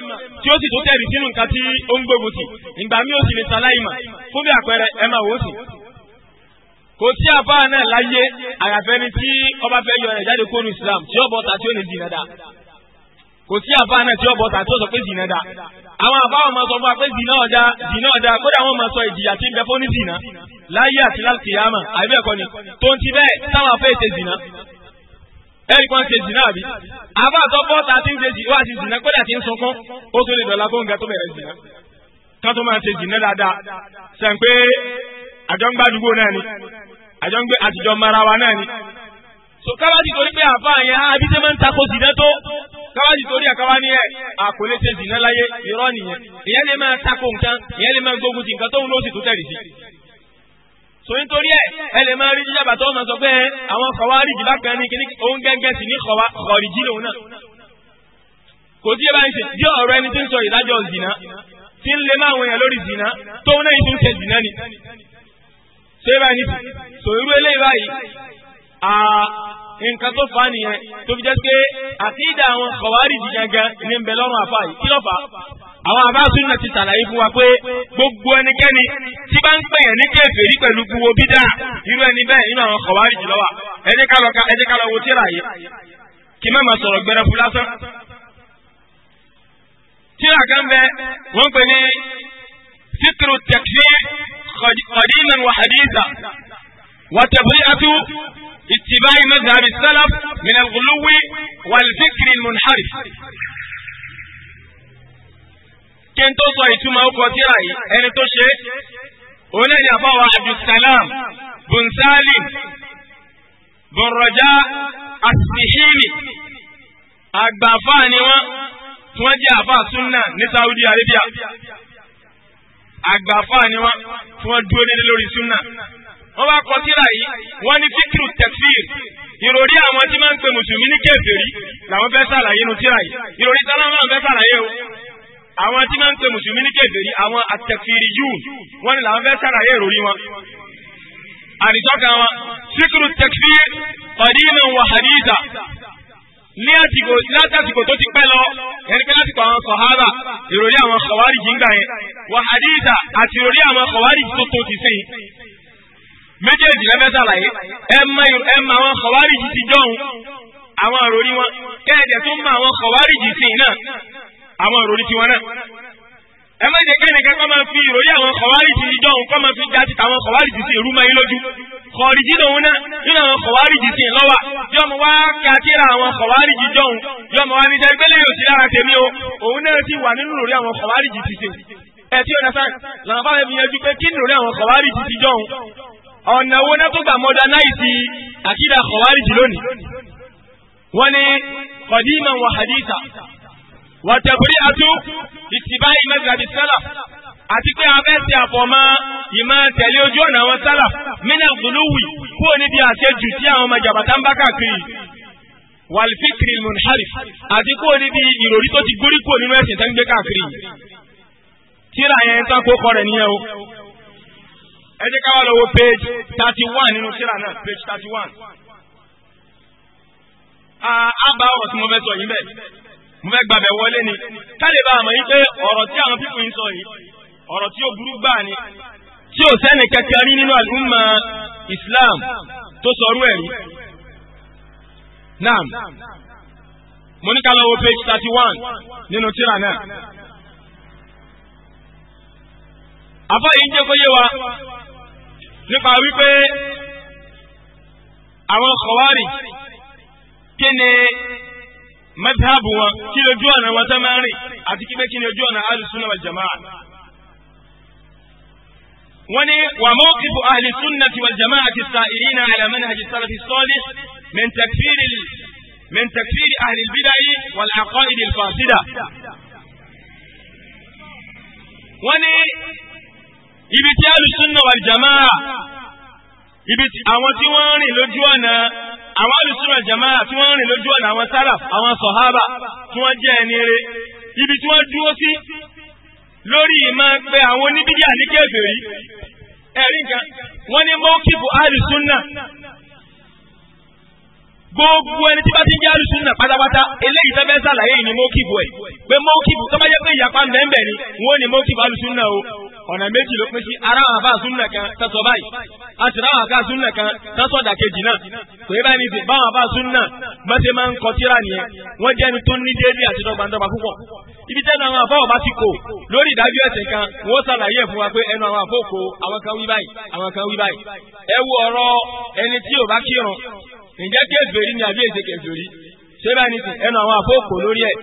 tí ó sì tó tẹ̀lé sínú nǹkan tí ó ń gbógun tì ìgbà mi ò sì lè ṣaláì mà fún bí àpẹẹrẹ ẹ máa wò ó kò sí àbá náà láyé àyàfẹ́ ni tí ọba fẹ́ yọ ẹ̀ jáde kónú Islam tí ó bọ́ta tí ó lè dìnnà dá kò sí àbá náà tí ó bọ́ta tí ó sọ pé dìnnà dá àwọn àbá wọn máa sọ fún wa pé dìnnà ọ̀dà dìnnà ọ̀dà kódà wọn máa sọ ìjìyà tí ń bẹ ẹ̀rí kan ṣe jìnnà àbí àbá àtọ́kọ́ ta ti ń ṣe jìnnà wá sí jìnnà kódà ti ń sunkún ó tó lè dọ̀la kóńgá tó bẹ̀rẹ̀ jìnnà kátó máa ṣe jìnnà dáadáa sàn pé àjọǹgbà àdúgbò náà ni àjọǹgbà àtijọ́ mara wa náà ni. so kábàtì torí pé àbá yẹn àbí tẹ́ máa ń takò jìnnà tó kábàtì torí àkáwá ni ẹ àkò lè ṣe jìnnà láyé irọ́ nìyẹn ìyẹn lè máa takò nǹkan ìyẹn lè máa gbógun so nítorí ẹ ẹ lè máa rí jíjábà tó máa sọ pé àwọn kọ̀wárí jìbá kan ní kíní òun gẹ́gẹ́ sí ní kọ̀rí jí lòun náà kò sí ẹbá ń ṣe bí ọ̀rọ̀ ẹni tí ń sọ ìdájọ́ zìnà tí ń lè máa wọ̀nyàn lórí zìnà tóun náà yìí ti ń ṣe zìnà ni ṣé ẹbá ní sọ irú eléyìí báyìí nǹkan tó fa nìyẹn tó fi jẹ́ pé àti ìdá àwọn kọ̀wárí jìjàgà ní ń bẹ lọ́rùn àfáà yìí kí ló fà á àwọn abáṣúná ti ṣàlàyé fún wa pé gbogbo ẹnikẹ́ni tí bá ń pèyàn ní kèfèrí pẹ̀lú gbogbo bídà irú ẹni bẹ́ẹ̀ nínú àwọn kọ̀wárì jùlọ wà ẹni ká lọ ka ẹni ká lọ wo tíra yìí kí má máa sọ̀rọ̀ gbẹrẹfu lásán. tíra kan bẹ wọ́n pè ní fitru takfir qadiman wa haditha wa tabri'atu ittiba'i madhhab as-salaf min al-ghuluwi kí n tó sọ ìtumọ̀ ọkọ̀ tíra yìí ẹni tó ṣe òun náà ni àbáwọ̀ abdulsalam bun salim bun àgbàfà ni wọ́n tí wọ́n jẹ́ àfà súnà ní saudi arabia àgbàfà ni wọ́n tí wọ́n dúró nílé lórí súnà wọ́n bá kọ síra yìí wọ́n ní fíkìrù tẹ̀síìr ìròrí àwọn tí máa ń pe mùsùlùmí ní kèfèrí làwọn fẹ́ sàlàyé nu síra yìí ìròrí sálámù náà sàlàyé o àwọn tí máa ń pe mùsùlùmí ní kèfèrí àwọn àtẹ̀fìrì yùn wọ́n ní làwọn fẹ́ sàlàyé ìròrí wọn. àdìsọ́kà wọn síkírù takfir qadiman wa haditha ní àtìkò látàtìkò tó ti pẹ́ lọ ẹni pé látìkò àwọn sọ̀hábà ìròrí àwọn kọ̀wárì yìí ń gbà yẹn wa haditha àti ìròrí àwọn kọ̀wárì tó tó ti sẹ́yìn méjèèjì lẹ́fẹ́ sàlàyé ẹ mọ àwọn kọ̀wárì yìí ti jọ̀hún àwọn ìròrí wọn kẹ́ẹ̀dẹ̀ tó mọ àwọn kọ̀wárì yìí sìn náà àwọn ìròyìn tiwọn náà ẹ má jẹ́ kẹ́nìkan kọ́ máa fi ìròyìn àwọn kọ̀wárìjì ìjọ òun kọ́ máa fi já ti tàwọn kọ̀wárìjì sí ìrú máa yín lójú kọ̀ọ̀rìjì lòun náà nínú àwọn kọ̀wárìjì sí lọ́wà yọmọ wá kí a kíra àwọn kọ̀wárìjì jọ òun yọmọ wá níjẹ́ ìgbélé yóò sí lára tèmi o òun náà ti wà nínú lórí àwọn kọ̀wárìjì sí se ẹ tí ọ̀nà sáà làwọn afáfẹ́ fi yanjú pé kí wàtẹ̀bùrí atú ìtìbá ìmẹ́gbàdì sálà àti pé abẹ́ ti àfọ̀mọ́ ìmọ̀ tẹ̀lé ojú ọ̀nà àwọn sálà mínà gbòlúwì kúrò níbi àṣejù tí àwọn ọmọ jàbàtà ń bá káàkiri wàlfíkiri munharif àti kúrò níbi ìròrí tó ti gbórí kúrò nínú ẹ̀sìn tó ń gbé káàkiri tíra yẹn tán kó kọ́ rẹ̀ nìyẹn o ẹ jẹ́ ká wá lọ page thirty one nínú tíra náà page thirty one. àbá ah, ọ̀rọ̀ tí mo fẹ́ sọ yìí bẹ́ẹ̀ mo fẹ́ gbàbẹ̀ wọlé ni kálíbà àmọ́ yìí pé ọ̀rọ̀ tí àwọn pípọ̀ yìí sọ yìí ọ̀rọ̀ tí ó burú gbà ni tí ò sẹ́ni kẹkẹ rí nínú àlùmọ́ Islam tó sọrú ẹ̀ rí. Naam, mo ní ká lọ page thirty one nínú tírà náà. Àfọ́ yìí ń jẹ́ kó yé wa nípa wípé àwọn Khawarij kí madhabu wọn kí lójú ọ̀nà wọn tẹ́ máa ń rìn àti kí bẹ́ẹ̀ kí ni ojú ọ̀nà alùsùnà wal jamaa. wọ́n ní wà mawqifu ahli sunnati wal jamaati as-sa'irina ala manhaji salafi salih min takfiri min takfiri ahli al-bidai wal aqaidi al wọ́n ní ibi tí alùsùnà wal jamaa ibi àwọn tí wọ́n rìn lójú ọ̀nà àwọn alùsùnà jama'a tí wọ́n rìn lójú ọ̀nà àwọn sálà àwọn sọ̀hábà tí wọ́n jẹ́ ẹni rere ibi tí wọ́n dúró sí lórí ìmọ̀ pé àwọn oníbíyà ní kèfèrí ẹ̀rí kan wọ́n ní mọ́kìbù alùsùnà gbogbo ẹni tí bá ti ń jẹ́ alùsùnà pátápátá eléyìí fẹ́fẹ́ sàlàyé ni mọ́kìbù ẹ̀ pé mọ́kìbù tó pé ìyapa mẹ́mbẹ̀ ni wọ́n ní mọ́kìbù alùsùnà o ọ̀nà méjì ló pín sí aráwọ̀ àbá súnà kan tẹ́sọ báyìí àti ráwọ̀ àká súnà kan tẹ́sọ dàkejì náà kò yẹ báyìí nìsí báwọn àbá súnà mọ́tẹ́ máa ń kọ síra nìyẹn wọ́n jẹ́ ẹni tó ní déédéé àti dọ́gbandọ́gba púpọ̀ ibi tẹ́nu àwọn àfọwọ́ bá ti kò lórí ìdájọ́ ẹ̀sìn kan wọ́n ṣàlàyé fún wa pé ẹnu àwọn àfọwọ́kọ àwọn kan wí báyìí àwọn kan wí báyìí ẹ wo ọ̀rọ̀ ẹni tí ò bá kírun ǹjẹ́ kèfèrí ni àbí èsè kèfèrí sẹ́bà ní sìn ẹnu àwọn àfọ́kò lórí ẹ̀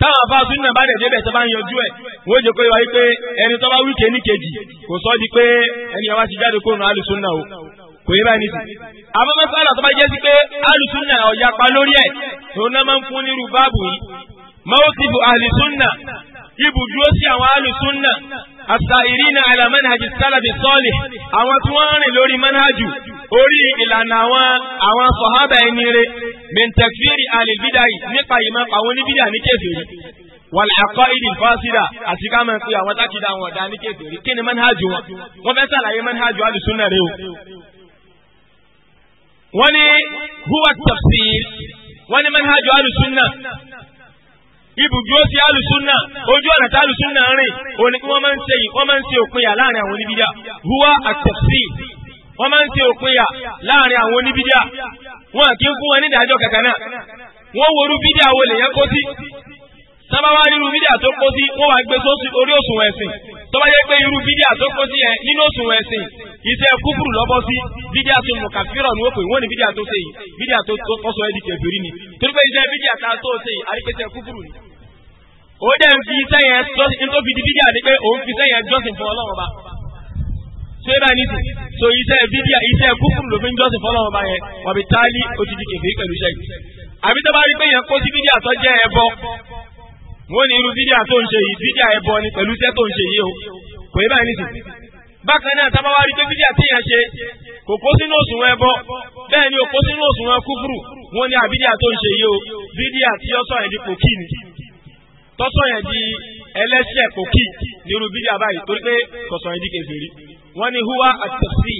táwọn afá súnú náà bá dẹ̀ débẹ̀ tó bá ń yanjú ẹ̀ wọ́n jẹ́ kó yọ wáyé pé ẹni tó bá wíkẹ́ ní kejì kò sọ́ di pé ẹni ọba ti jáde kó nu alùsùn náà o kò yẹ báyìí nìsín. àmọ́ mẹ́sàlá tó bá jẹ́ sí pé alùsùn náà ọ̀yà pa lórí ẹ̀ tó náà máa ń fún nírú báàbù yìí mawqifu alùsùn náà ibùdúró sí àwọn alùsùn náà àṣà ìrìnà àlà manhaji salafi àwọn tí wọ́n rìn lórí manhaju orí ìlànà àwọn àwọn sọ̀hábà ẹni rẹ̀ mẹ́ntẹ̀fìrì àlèbídàì nípa ìmọ̀ àwọn oníbídà ní kèfèrí wàlẹ̀ àkọ́ ìdí fásídà àti ká máa pe àwọn tákìdá àwọn ọ̀dà ní kèfèrí kí ni manhajù wọn wọ́n fẹ́ sàlàyé manhajù alùsùnà rẹ̀ o. wọ́n ní huwa tafsir wọ́n ní manhajù alùsùnà ibùdó sí alùsùnà ojú ọ̀nà tí alùsùnà rìn òní kí wọ́n máa ń ṣe òpin yà láàrin àwọn oníbídà huwa at wọ́n máa ń ṣe òpinya láàrin àwọn oníbídíà wọn kí í fún wọn nídàájọ́ kankan náà wọ́n worú bídíà wo lè yẹn kó sí sábàbá tó kó sí wá gbé sósì orí òṣùwọ̀n ẹ̀sìn tó bá yẹ pé irú bídíà tó kó sí yẹn nínú òṣùwọ̀n ẹ̀sìn iṣẹ́ kúkúrú lọ́bọ́ sí bídíà tó mú kàfíràn ní òpè wọ́n ní bídíà tó ṣe tó tó ṣé bá ní sìn so iṣẹ́ bíbí iṣẹ́ kúkúrú ló fi ń jọ́sìn fọlọ́wọ́n bá yẹn wọ́n fi táálí odidi kẹfẹ́ pẹ̀lú iṣẹ́ yìí àbí tó bá rí pé yẹn kó sí bíbí àtọ́ jẹ́ ẹbọ wọ́n ní irú bíbí àtọ́ ń ṣe yìí bíbí ẹbọ ni pẹ̀lú iṣẹ́ tó ń ṣe yìí o kò yẹ bá ní sìn bákan náà tábà wá rí pé bíbí àti yẹn ṣe kò kó sínú òsùn ẹbọ bẹ́ẹ̀ ni ò kó sínú òsùn wọn kúfùrù wọ́n ní àbídí àtó ń ṣe yìí o bídí àti ọsọ yẹn di kòkì ni tọ́sọ yẹn di ẹlẹ́ṣẹ̀ kòkì nírú bídí àbáyìí torí pé kọ̀sọ̀ yẹn di kèfèrí wọ́n ní huwa at-tafsir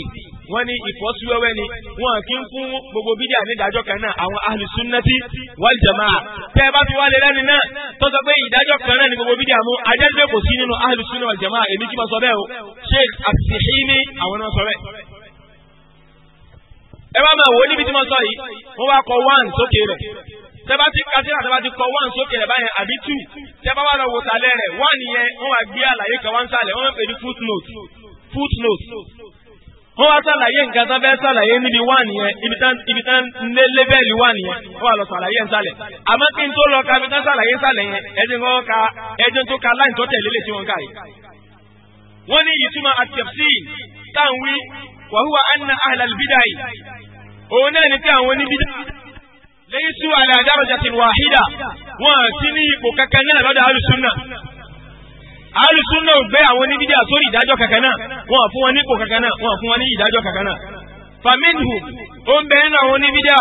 wọ́n ní ìfọ́síwẹ́wẹ́ ni wọ́n kì í fún gbogbo bídíà nídàájọ́ kan náà àwọn ahlu sunnati wal jamaa tẹ́ ẹ bá fi wálé lẹ́nu náà tó sọ pé ìdájọ́ kan náà ni gbogbo bídíà mú ajẹ́jẹ́ kò sí nínú ahlu sunna èmi kí n bá sọ bẹ́ẹ̀ o sheikh As-Sihini àwọn náà sọ bẹ́ẹ̀. ẹ wá máa wo níbi tí wọ́n sọ yìí wọ́n wá kọ one sókè rẹ̀ tẹ́bá ti kásílà tẹ́bá ti kọ one sókè rẹ̀ báyẹn àbí two tẹ́bá wà lọ wòtálẹ́ rẹ̀ one yẹn wọ́n wá gbé àlàyé kan wá ń sàlẹ̀ wọ́n ń pè footnote footnote wọ́n wá sàlàyé nǹkan tán fẹ́ sàlàyé níbi wà nìyẹn ibi tán ibi tán lé lébẹ́ẹ̀lì wà nìyẹn wọ́n wá lọ sàlàyé nsàlẹ̀ àmọ́ kí n tó lọ ka ibi tán sàlàyé nsàlẹ̀ yẹn ẹjẹ́ ń ka ẹjẹ́ tó ka láì tó tẹ̀lé lè ti wọn káyé. wọ́n ní ìtumọ̀ àtẹ̀sí táwí wàhùwà anna ahlal bidai òun náà ní pé àwọn oníbidà lẹ́yìn sùn àlàdàrọ̀jà tìlwàhídà alùsùn náà gbé àwọn oníbídí àsórí ìdájọ́ kankan náà wọn fún wọn nípò kankan náà wọn fún wọn ní ìdájọ́ kankan náà. faminhu ó ń bẹ nínú àwọn oníbídí à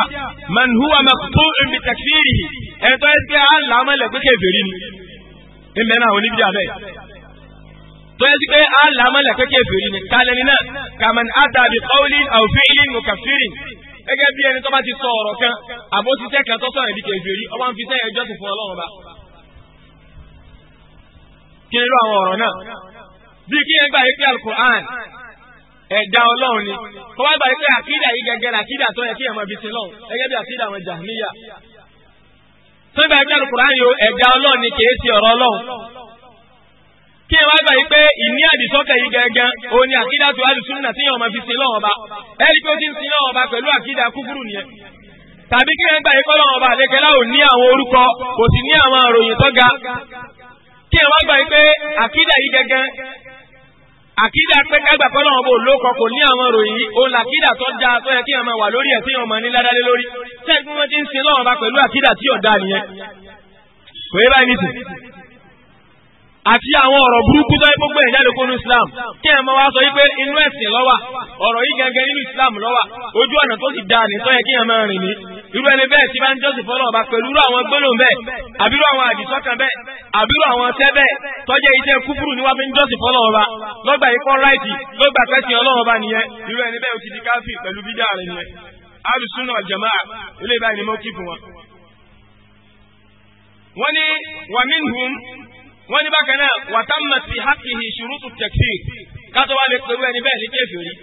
man huwa maqtu'un bi ẹ̀tọ́ ẹgbẹ́ aláàmọ́lẹ̀ pé kèfèrí ni ń bẹ nínú àwọn oníbídí à bẹ́ẹ̀. tó yẹ pé aláàmọ́lẹ̀ pé kèfèrí ni kálẹ̀ni náà kàmán ata bi qawlin aw fi'lin gẹ́gẹ́ bí ẹni tó bá ti sọ ọ̀rọ̀ kan àbó ti tó sọ̀rọ̀ kí ló àwọn ọ̀rọ̀ náà bí kí yẹn gbà yí pé alukur'an ẹ̀dá ọlọ́run ni kó wá gbà yí pé àkídà yìí gẹ́gẹ́ àkídà tó yẹ kí yẹn mọ ibi gẹ́gẹ́ bí àkídà àwọn tó gbà yí pé alukur'an yóò ẹ̀dá ọlọ́run ni kìí ọ̀rọ̀ ọlọ́run kí yẹn wá gbà yí pé ìní àdìsọ́kẹ̀ gẹ́gẹ́ àkídà tó tí yẹn mọ ibi kí ẹ wá gbà yí pé àkídà yìí gẹ́gẹ́ àkídà pé kágbà kọ́nà ọ̀bọ̀ olóko kò ní àwọn ròyìn òun làkídà tó dáa tó yẹ kí ẹ máa wà lórí ẹ̀ tí ọmọ ní ládálé lórí sẹ́gun wọn ti ń sin lọ́wọ́ bá pẹ̀lú àkídà tí ọ̀dà nìyẹn kò yẹ báyìí nìsín àti àwọn ọ̀rọ̀ burúkú tó yẹ gbogbo ẹ̀ jáde kónú Islam kí ẹ máa wá sọ wípé inú ẹ̀sìn ló ọ̀rọ̀ yìí gẹ́gẹ́ nínú Islam ló wà ojú ọ̀nà tó sì dáa nìtọ́ yẹ kí ẹ máa rìn ní irú ẹni bẹ́ẹ̀ tí bá ń jọ́sìn fọ́lọ́ ọba pẹ̀lú irú àwọn gbólóhùn bẹ́ẹ̀ àbírú àwọn àdìsọ́kàn bẹ́ẹ̀ àbírú àwọn ọtẹ́ bẹ́ẹ̀ tọ́jẹ́ iṣẹ́ kúfúrú ni wọ́n fi ń jọ́sìn fọ́lọ́ ọba lọ́gbà ikọ́ ráìtì lọ́gbà pẹ́sìn ọlọ́run ọba nìyẹn irú ẹni bẹ́ẹ̀ ó ti di káfí pẹ̀lú bídà rẹ̀ nìyẹn alùsùnà jamaa ilé ìbáyìí ni mo kí fún wọn. wọ́n ní wàmínhùn wọ́n ní bákan náà wàtámà sí hákìhì ṣùrùtù tẹ̀kfì kátó wá lè pẹ̀lú ẹni bẹ́ẹ̀ ní kèfèrí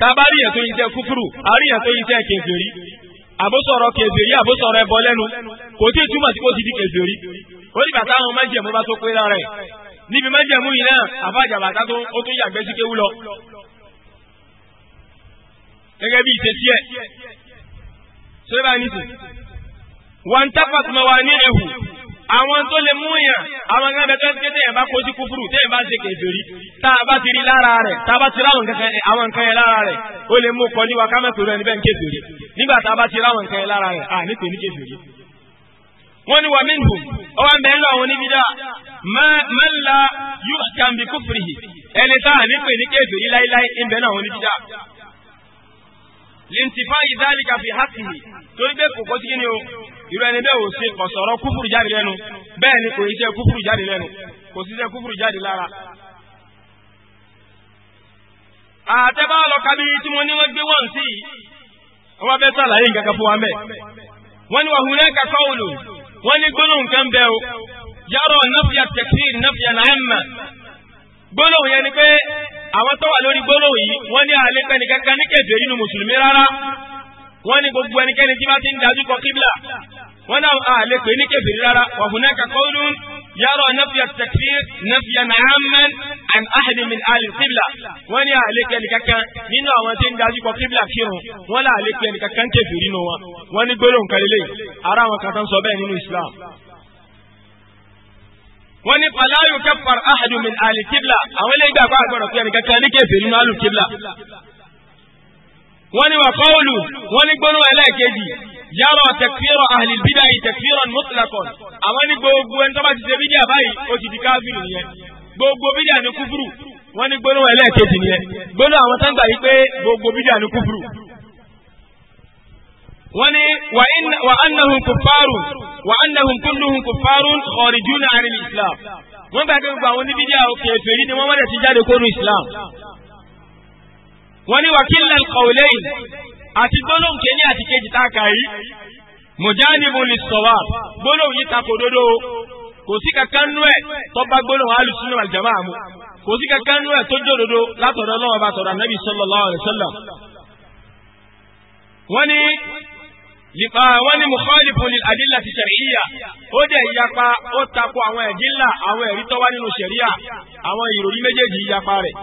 tàbá ríyàn tó yin jẹ́ kúfúrú àríyàn tó yin jẹ́ kèfèrí àbósọ̀rọ̀ kèfèrí àbósọ̀rọ̀ ẹbọ lẹ́nu kò tí ì túmọ̀ sí kó ti di kèfèrí ó ní bàtà àwọn májẹ̀mú bá tó pé lára ẹ̀ níbi májẹ̀mú yìí náà àfàjàbàtà tó ó tún yàgbẹ́ sí kéwú lọ gẹ́gẹ́ bí ìtẹ̀sí ẹ̀ ṣé bá ní sè tápàtì mọ́ wa ní ẹ̀hù àwọn tó lè mú yàn àwọn nǹkan bẹ tó ń kéde yẹn bá kó sí kúfúrú téèyàn bá ṣe kèfèrí tá a bá ti rí lára rẹ̀ tá a bá ti rí àwọn nǹkan yẹn lára rẹ̀ ó lè mú kọ níwá kámẹ́tò rẹ̀ níbẹ̀ ń kèfèrí nígbà tá a bá ti rí àwọn nǹkan yẹn lára rẹ̀ à ní pè ní kèfèrí. wọ́n ní wàmí nù ọ wá ń bẹ ń lọ àwọn oníbídà mẹ́la yóò kàn bí kúfúrì ẹni tá à ní lintifa idalika fi hakihi torí bẹ́ẹ̀ kò kọ́sí kíni o irú ẹni bẹ́ẹ̀ ò ṣe kò sọ̀rọ̀ kúfùrù jáde lẹ́nu bẹ́ẹ̀ ni kò iṣẹ́ kúfùrù jáde lẹ́nu kò síṣẹ́ kúfùrù jáde lára. àtẹ́bá lọ tí mo ní wọ́n gbé wọ́n sí i wọ́n fẹ́ sàlàyé nǹkan kan fún wa mẹ́. wọ́n ní wà hùwẹ́ kakọ́ òlò wọ́n ní gbólóhùn kan bẹ́ẹ̀ o yàrá nàfíà tẹ̀sí nàfíà nàámà gbólóhùn àwọn tó wà lórí gbólóhùn yìí wọ́n ní àlepẹ́ni kankan ní kẹfẹ́ nínú mùsùlùmí rárá wọ́n ní gbogbo ẹnikẹ́ni tí bá ti ń dájú kọ kíbla wọ́n náà àlepẹ́ ní kẹfẹ́ rárá wà fún náà kakọ́ ọdún yàrá nàfíà takfir nàfíà nàámẹ́n àn áhìdì àlè kíbla wọ́n ní àlepẹ́ni kankan nínú àwọn tí ń dájú kọ kíbla kírun wọ́n náà àlepẹ́ni kankan kẹfẹ́ nínú wọn wọ́n ní gbólóhùn wọ́n ní fàlàyé kẹfà ahadu min ali kibla àwọn ilé ìgbà àpáà gbọ́dọ̀ fẹ́ẹ́ nìkan kan ní kéfì nínú alu kibla. wọ́n ní wàkọ́ọ̀lù wọ́n ní gbóná ẹlẹ́ẹ̀kejì yàrá tẹkfírọ̀ ahli bídà yìí tẹkfírọ̀ mutlaqan àwọn ní gbogbo ẹni tó ti ṣe bídà báyìí ó káfíìn nìyẹn gbogbo bídà ní kúfúrú wọ́n ní gbóná ẹlẹ́ẹ̀kejì nìyẹn gbóná àwọn tó ń pé gbogbo bídà ní kúfúrú wọ́n ní wà annahum kùfàrù wà annahum kulluhum kùfàrù kharijuna 'an al-islam wọ́n gbàgbé gbogbo àwọn oníbíjà òkè èfèrí ni wọ́n mọ̀lẹ̀ ti jáde kónú islam wọ́n ní wa àti gbólóhùn kéní àti kejì tá a mujanibun lis-sawab yìí takò dodo kò sí kankan nú ẹ̀ tó bá gbólóhùn al-sunnah wal jama'ah mu kò sí kankan nú ẹ̀ tó jó dodo látọ̀dọ̀ lọ́wọ́ bá tọ̀dọ̀ Ànábì sallallahu alaihi wasallam wọ́n ní wọ́n ní mukhalifu lil adilla ti ṣẹ̀ríyà ó dẹ̀ ìyapa ó tako àwọn ẹ̀dílà àwọn ẹ̀rí tó nínú ṣẹ̀ríyà àwọn ìròyìn méjèèjì ìyapa rẹ̀.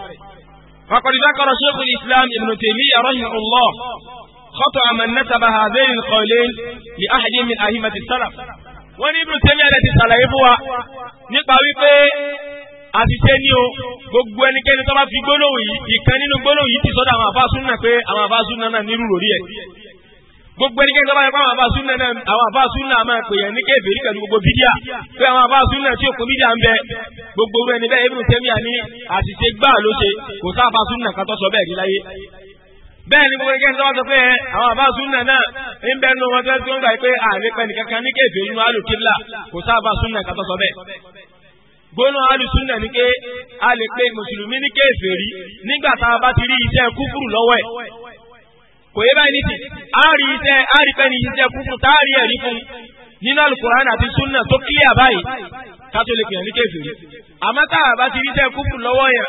فقد ذكر شيخ الإسلام ابن تيمية رحمه الله خطأ من نسب هذين القولين لأحد من أئمة السلف wọ́n ní ibùdó tẹ́mí ẹ̀rẹ́ ti ṣàlàyé fún wa nípa wípé àṣìṣe ni o gbogbo ẹnikẹ́ni tó bá fi gbólóhùn yìí ìkan nínú gbólóhùn yìí ti sọ́dọ̀ àwọn gbogbo ẹni kẹ́kẹ́ báyọ̀ fáwọn àfáà súnà náà àwọn àfáà súnà máa pè yẹn ní kébèrè pẹ̀lú gbogbo bídíà pé àwọn àfáà súnà tí òkú bídíà ń bẹ gbogbo ẹni bẹ́ẹ̀ Ibn Taymiyyah ní àṣìṣe gbáà ló ṣe kò sá àfáà súnà kan tó sọ bẹ́ẹ̀ rí láyé. bẹ́ẹ̀ ni gbogbo ẹni kẹ́kẹ́ sọ́wọ́ sọ pé àwọn àfáà súnà náà ń bẹ nu wọn tó ń gbà pé àlepẹ́ nìkankan ní kébèrè inú alùkíbla kò sá pé mùsùlùmí ní kéèfèrí nígbà tá a bá ti rí iṣẹ́ kúfùrù lọ́wọ́ ẹ̀ kò yẹ báyìí nítì àárí iṣẹ́ àárí pẹ́ni iṣẹ́ fúnfún táàrí ẹ̀rí fún nínú alukoran àti sunna tó kílíà báyìí kátó lè pèyàn ní kèfèrí àmọ́ tá a bá ti rí iṣẹ́ kúfù lọ́wọ́ yẹn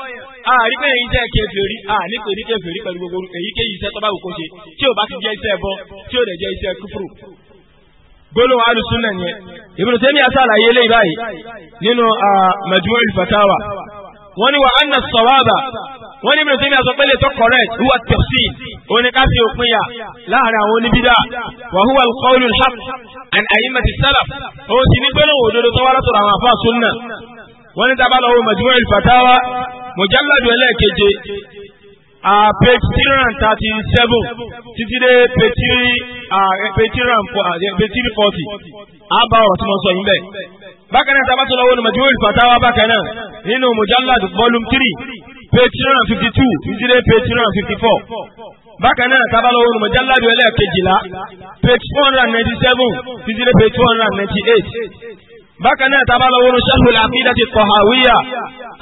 àárí pẹ́yàn iṣẹ́ kèfèrí àní pè ní kèfèrí pẹ̀lú gbogbo èyíkéyìí iṣẹ́ tó bá ṣe tí ò bá ti jẹ́ iṣẹ́ bọ́ tí ò lè jẹ́ iṣẹ́ kúfù gbólóhùn alùsùn náà yẹn Ibn Taymiyyah àṣàlàyé lè báyìí nínú ah, Majmu' al-Fatawa wọ́n ní wa wọ́n ní mìíràn sọ pé lè tó correct huwa tafsir oníkàsí òpin yà láàrin àwọn oníbídà wa huwa al-qawlu al-haq an a'immati salaf òun sì ní gbólóhùn òdodo tó wá látọ̀rọ̀ àwọn àfáà súnà wọ́n ní tábà lọ́wọ́ majmu' al-fatawa mujalladu ẹlẹ́ẹ̀keje page three hundred thirty seven títí dé page three forty àbá ọ̀rọ̀ tí mo sọ yín bẹ́ẹ̀. bákan náà tábà tó lọ́wọ́ majmu' al bákan náà nínú mujalladu page two hundred fifty two títí dé page two hundred fifty four bákan náà tábàlówó ni mọ̀jáládù ẹlẹ́ẹ̀kejìlá page two hundred and ninety seven títí page two hundred and ninety eight bákan náà tábàlówó ni sharhul aqidati tahawiya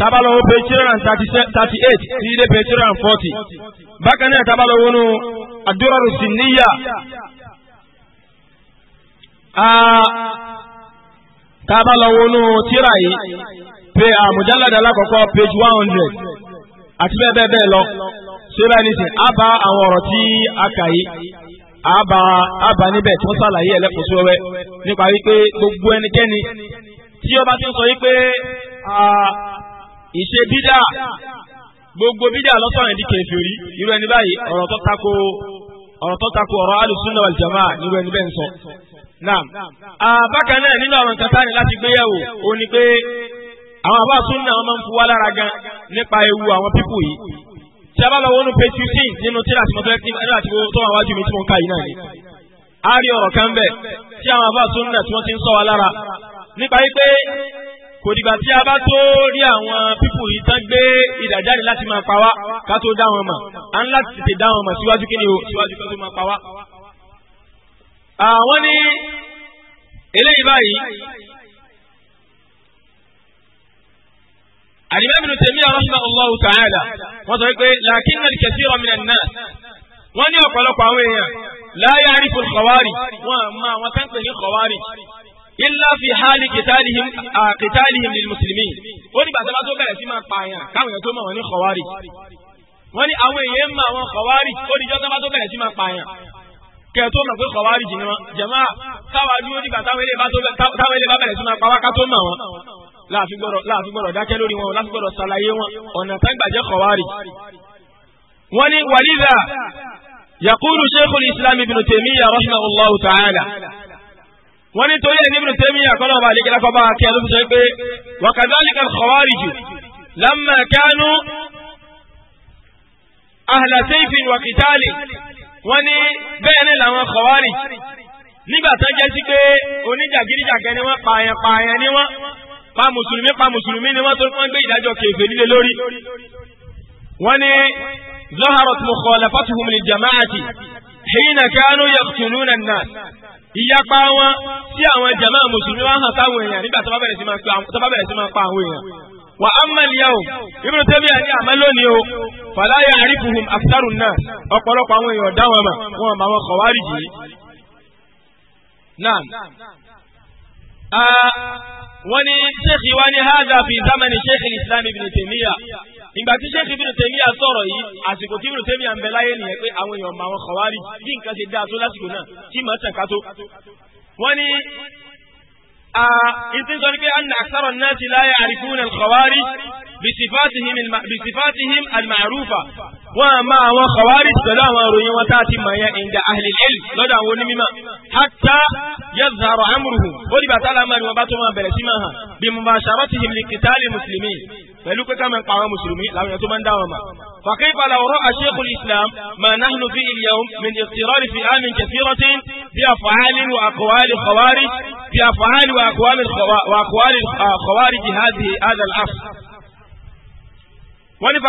tábàlówó page two hundred and thirty eight títí dé page two hundred and forty bákan náà tábàlówó ni ad-duraru sinniya tábàlówó ni tíra yìí pé àmọ̀jáládù alákọ̀ọ́kọ́ page one hundred àti bẹ́ẹ̀ bẹ́ẹ̀ bẹ́ẹ̀ lọ ṣé báyìí nísìn á bá àwọn ọ̀rọ̀ tí a kà yìí á bá á bá níbẹ̀ tí wọ́n ṣàlàyé ẹlẹ́kùnso wẹ́ nípa wípé gbogbo ẹnikẹ́ni tí ó bá ti ń sọ wípé ìṣe bídà gbogbo bídà lọ́sọ̀rọ̀ ìdí kèfèrí irú ẹni báyìí ọ̀rọ̀ tó tako ọ̀rọ̀ tó tako ọ̀rọ̀ alùsùnà wal jamaa ẹni bẹ́ẹ̀ ń sọ. bákan náà nínú àwọn nǹkan tá àwọn àbá tún náà máa ń fún lára gan nípa ewu àwọn pípù yìí tí a bá lọ wọnú page fifteen nínú tíra tí mo fẹ́ kí nínú àti tó wà wájú mi tí mo ń ka yìí náà ni a rí ọ̀rọ̀ kan bẹ̀ tí àwọn àbá tún náà tí wọ́n ti ń sọ wa lára nípa yìí pé kò dìgbà tí a bá tó rí àwọn pípù yìí tán gbé idà jáde láti máa pa wá ká tó dá wọn mọ̀ à ń láti tètè dá wọn mọ̀ síwájú kí ni o síwájú kí wọ́n tó máa pa wá. àwọn ní eléyìí báyìí Al-Imam Ibn Taymiyyah rahimahullahu ta'ala wọ́n sọ pé lakinna al-kathira min an-nas wọ́n ní ọ̀pọ̀lọpọ̀ àwọn èèyàn la ya'rifu al-khawarij wọ́n máa wọ́n tán pè ní khawarij illa fi hali qitalihim qitalihim lil muslimin ó nígbà tó bá tó bẹ̀rẹ̀ sí máa pààyàn káwọn èèyàn tó mọ̀ wọ́n ní khawarij wọ́n ní àwọn èèyàn máa wọn khawarij ó níjọ́ tó bá tó bẹ̀rẹ̀ sí máa pààyàn kẹtọ mọ̀ pé khawarij ni wọn jàmáà káwájú láàfin gbọ́dọ̀ dákẹ́ lórí wọn láàfin gbọ́dọ̀ ṣàlàyé wọn ọ̀nà tán gbàjẹ́ kọ̀wárì. wọ́n ní wàlídà yakulu sheikhul islam ibn taymiya rahimahullahu ta'ala wọ́n ní torí ẹni ibn taymiya kọ́nà ọba àlejò lákọ́bá akẹ́ ló fi sọ pé wa kadhalika al-khawarij lamma kanu ahla sayfin wa qitalin wọ́n ní bẹ́ẹ̀ ni làwọn khawarij nígbà tán jẹ́ sí pé oníjàgídíjàgan ni wọ́n pààyàn pààyàn ni wọ́n pa mùsùlùmí pa mùsùlùmí ni wọ́n tó wọ́n gbé ìdájọ́ kèfè líle lórí. wọ́n ní zaharat mukhalafatuhum lil jama'ati hina kanu yaqtuluna an-nas ìyapa wọn sí àwọn jama mùsùlùmí wọn hàn sáwọn èèyàn nígbà tó bá bẹ̀rẹ̀ sí máa pa àwọn èèyàn. wà á mọ̀ níyà o Ibn Taymiyyah ní àmọ́ lónìí o fala ya'rifuhum aktharun nas ọ̀pọ̀lọpọ̀ àwọn èèyàn dá wọn mà wọn mà wọn Khawarij yìí wọ́n ní ṣéèkì wa ní haza fi zamani ṣéèkì islam ibn tèmíyà ìgbà tí ṣéèkì ibn tèmíyà sọ̀rọ̀ yìí àsìkò tí ibn tèmíyà ń bẹ láyé nìyẹn pé àwọn èèyàn ọmọ àwọn kọ̀wárì bí nǹkan ṣe dáa tó lásìkò náà kí màá tàn ká tó. wọ́n ní ìtì sọ pé anna aksarọ̀ náà ti láyé àrífún al bisifatihim al وما وخوارج سلام وروي وتاتي ما عند أهل العلم لدى ونمما حتى يظهر أمره ولي بطال أمر وبطو ما بلسمها بمباشرتهم لقتال المسلمين فلوك كما قام مسلمين لو يتمن داوما فكيف لو رأى شيخ الإسلام ما نحن فيه اليوم من اضطرار فئام كثيرة في أفعال وأقوال الخوارج في أفعال وأقوال الخوارج هذه هذا العصر wọ́n ní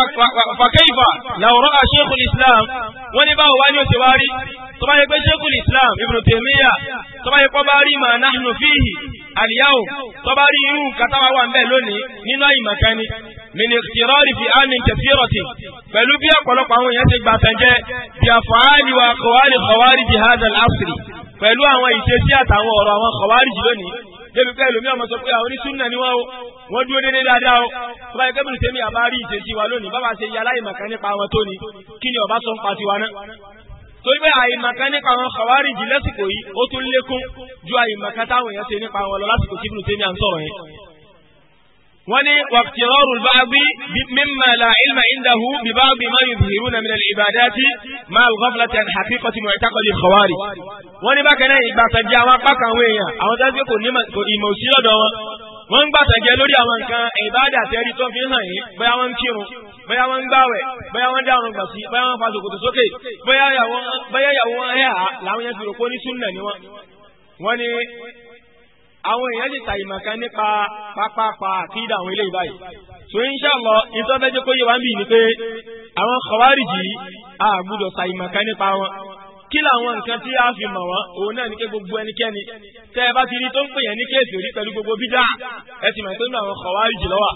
fàkẹ́yìfà làwòrán à Sheikhul Islam wọ́n ní báwo wá ní òṣèwá rí tó bá yẹ pé Sheikhul Islam Ibn Taymiyyah tó bá yẹ pọ́ bá rí màá nahnu fihi àlìyáwó tó bá rí irú nǹkan táwa wà ń bẹ̀ lónìí nínú àyìnbàkánni mìnìtìrọ́ọ̀lì fi àmì kẹfìrọ̀tì pẹ̀lú bí ọ̀pọ̀lọpọ̀ àwọn èèyàn ti gbà tẹ̀jẹ́ bí àfọ̀hálì wa kọ̀wárì kọ̀wárì jihad al-asri pẹ̀lú àwọn ìṣesí àtàwọn ọ̀rọ̀ àwọn kọ̀wárì jì débi pé ẹlòmí ọmọ sọ pé àwọn onísúnnà ni wọ́n o wọ́n dúró déédéé dáadáa o tó bá yẹ kẹ́bìrì tèmi àbá rí ìṣesí wa lónìí bábà ṣe yà láì màkà nípa wọn tó ni kí ni ọba sọ ń pa tiwa náà torí pé àìmàkà nípa àwọn kàwárìjì lásìkò yìí ó tún lékún ju àìmàkà táwọn èèyàn ṣe nípa wọn lọ wọ́n ní wàftìrọ́rù báàbí mímà láìlmà ìndahu bí báàbí máa yóò bìhìrú na mílẹ̀ ìbàdá tí máa wù gọ́fìlà tí a ní àfi kọ́tí mọ̀ ìtàkọ́lì kọ̀wárì. wọ́n ní bákan náà ìgbàsànjẹ́ àwọn apá kan àwọn èèyàn àwọn tó ń gbé kò ìmọ̀ òsì lọ́dọ̀ wọn. wọ́n ń gbàsànjẹ́ lórí àwọn nǹkan ìbàdà tẹ́rí tó fi hàn yín bóyá wọ́n ń kírun bóyá wọ́n ń gbàwẹ̀ bóyá wọ́n dá ọ̀run gbàsí bóyá wọ́n fa sòkòtò sókè bóyá ìyàwó wọn ẹ̀hà làwọn yẹn fi rò pé ní súnà ni wọ́n. wọ́n ní àwọn èèyàn lè ta ìmọ̀kan nípa pápápá àkídà àwọn ilé ìbáyìí so inṣàlọ ìtọ́fẹ́jẹ́ kó yẹ wá ń bì ní pé àwọn kọ̀wárìjì a gbọ́dọ̀ ta ìmọ̀kan nípa wọn kí làwọn nǹkan tí a fi mọ̀ wọ́n òun náà ní pé gbogbo ẹnikẹ́ni tẹ́ ẹ bá ti rí tó ń pè yẹn ní kéèsì rí pẹ̀lú gbogbo bídà ẹ ti mọ̀ pé nínú àwọn kọ̀wárìjì lọ́wà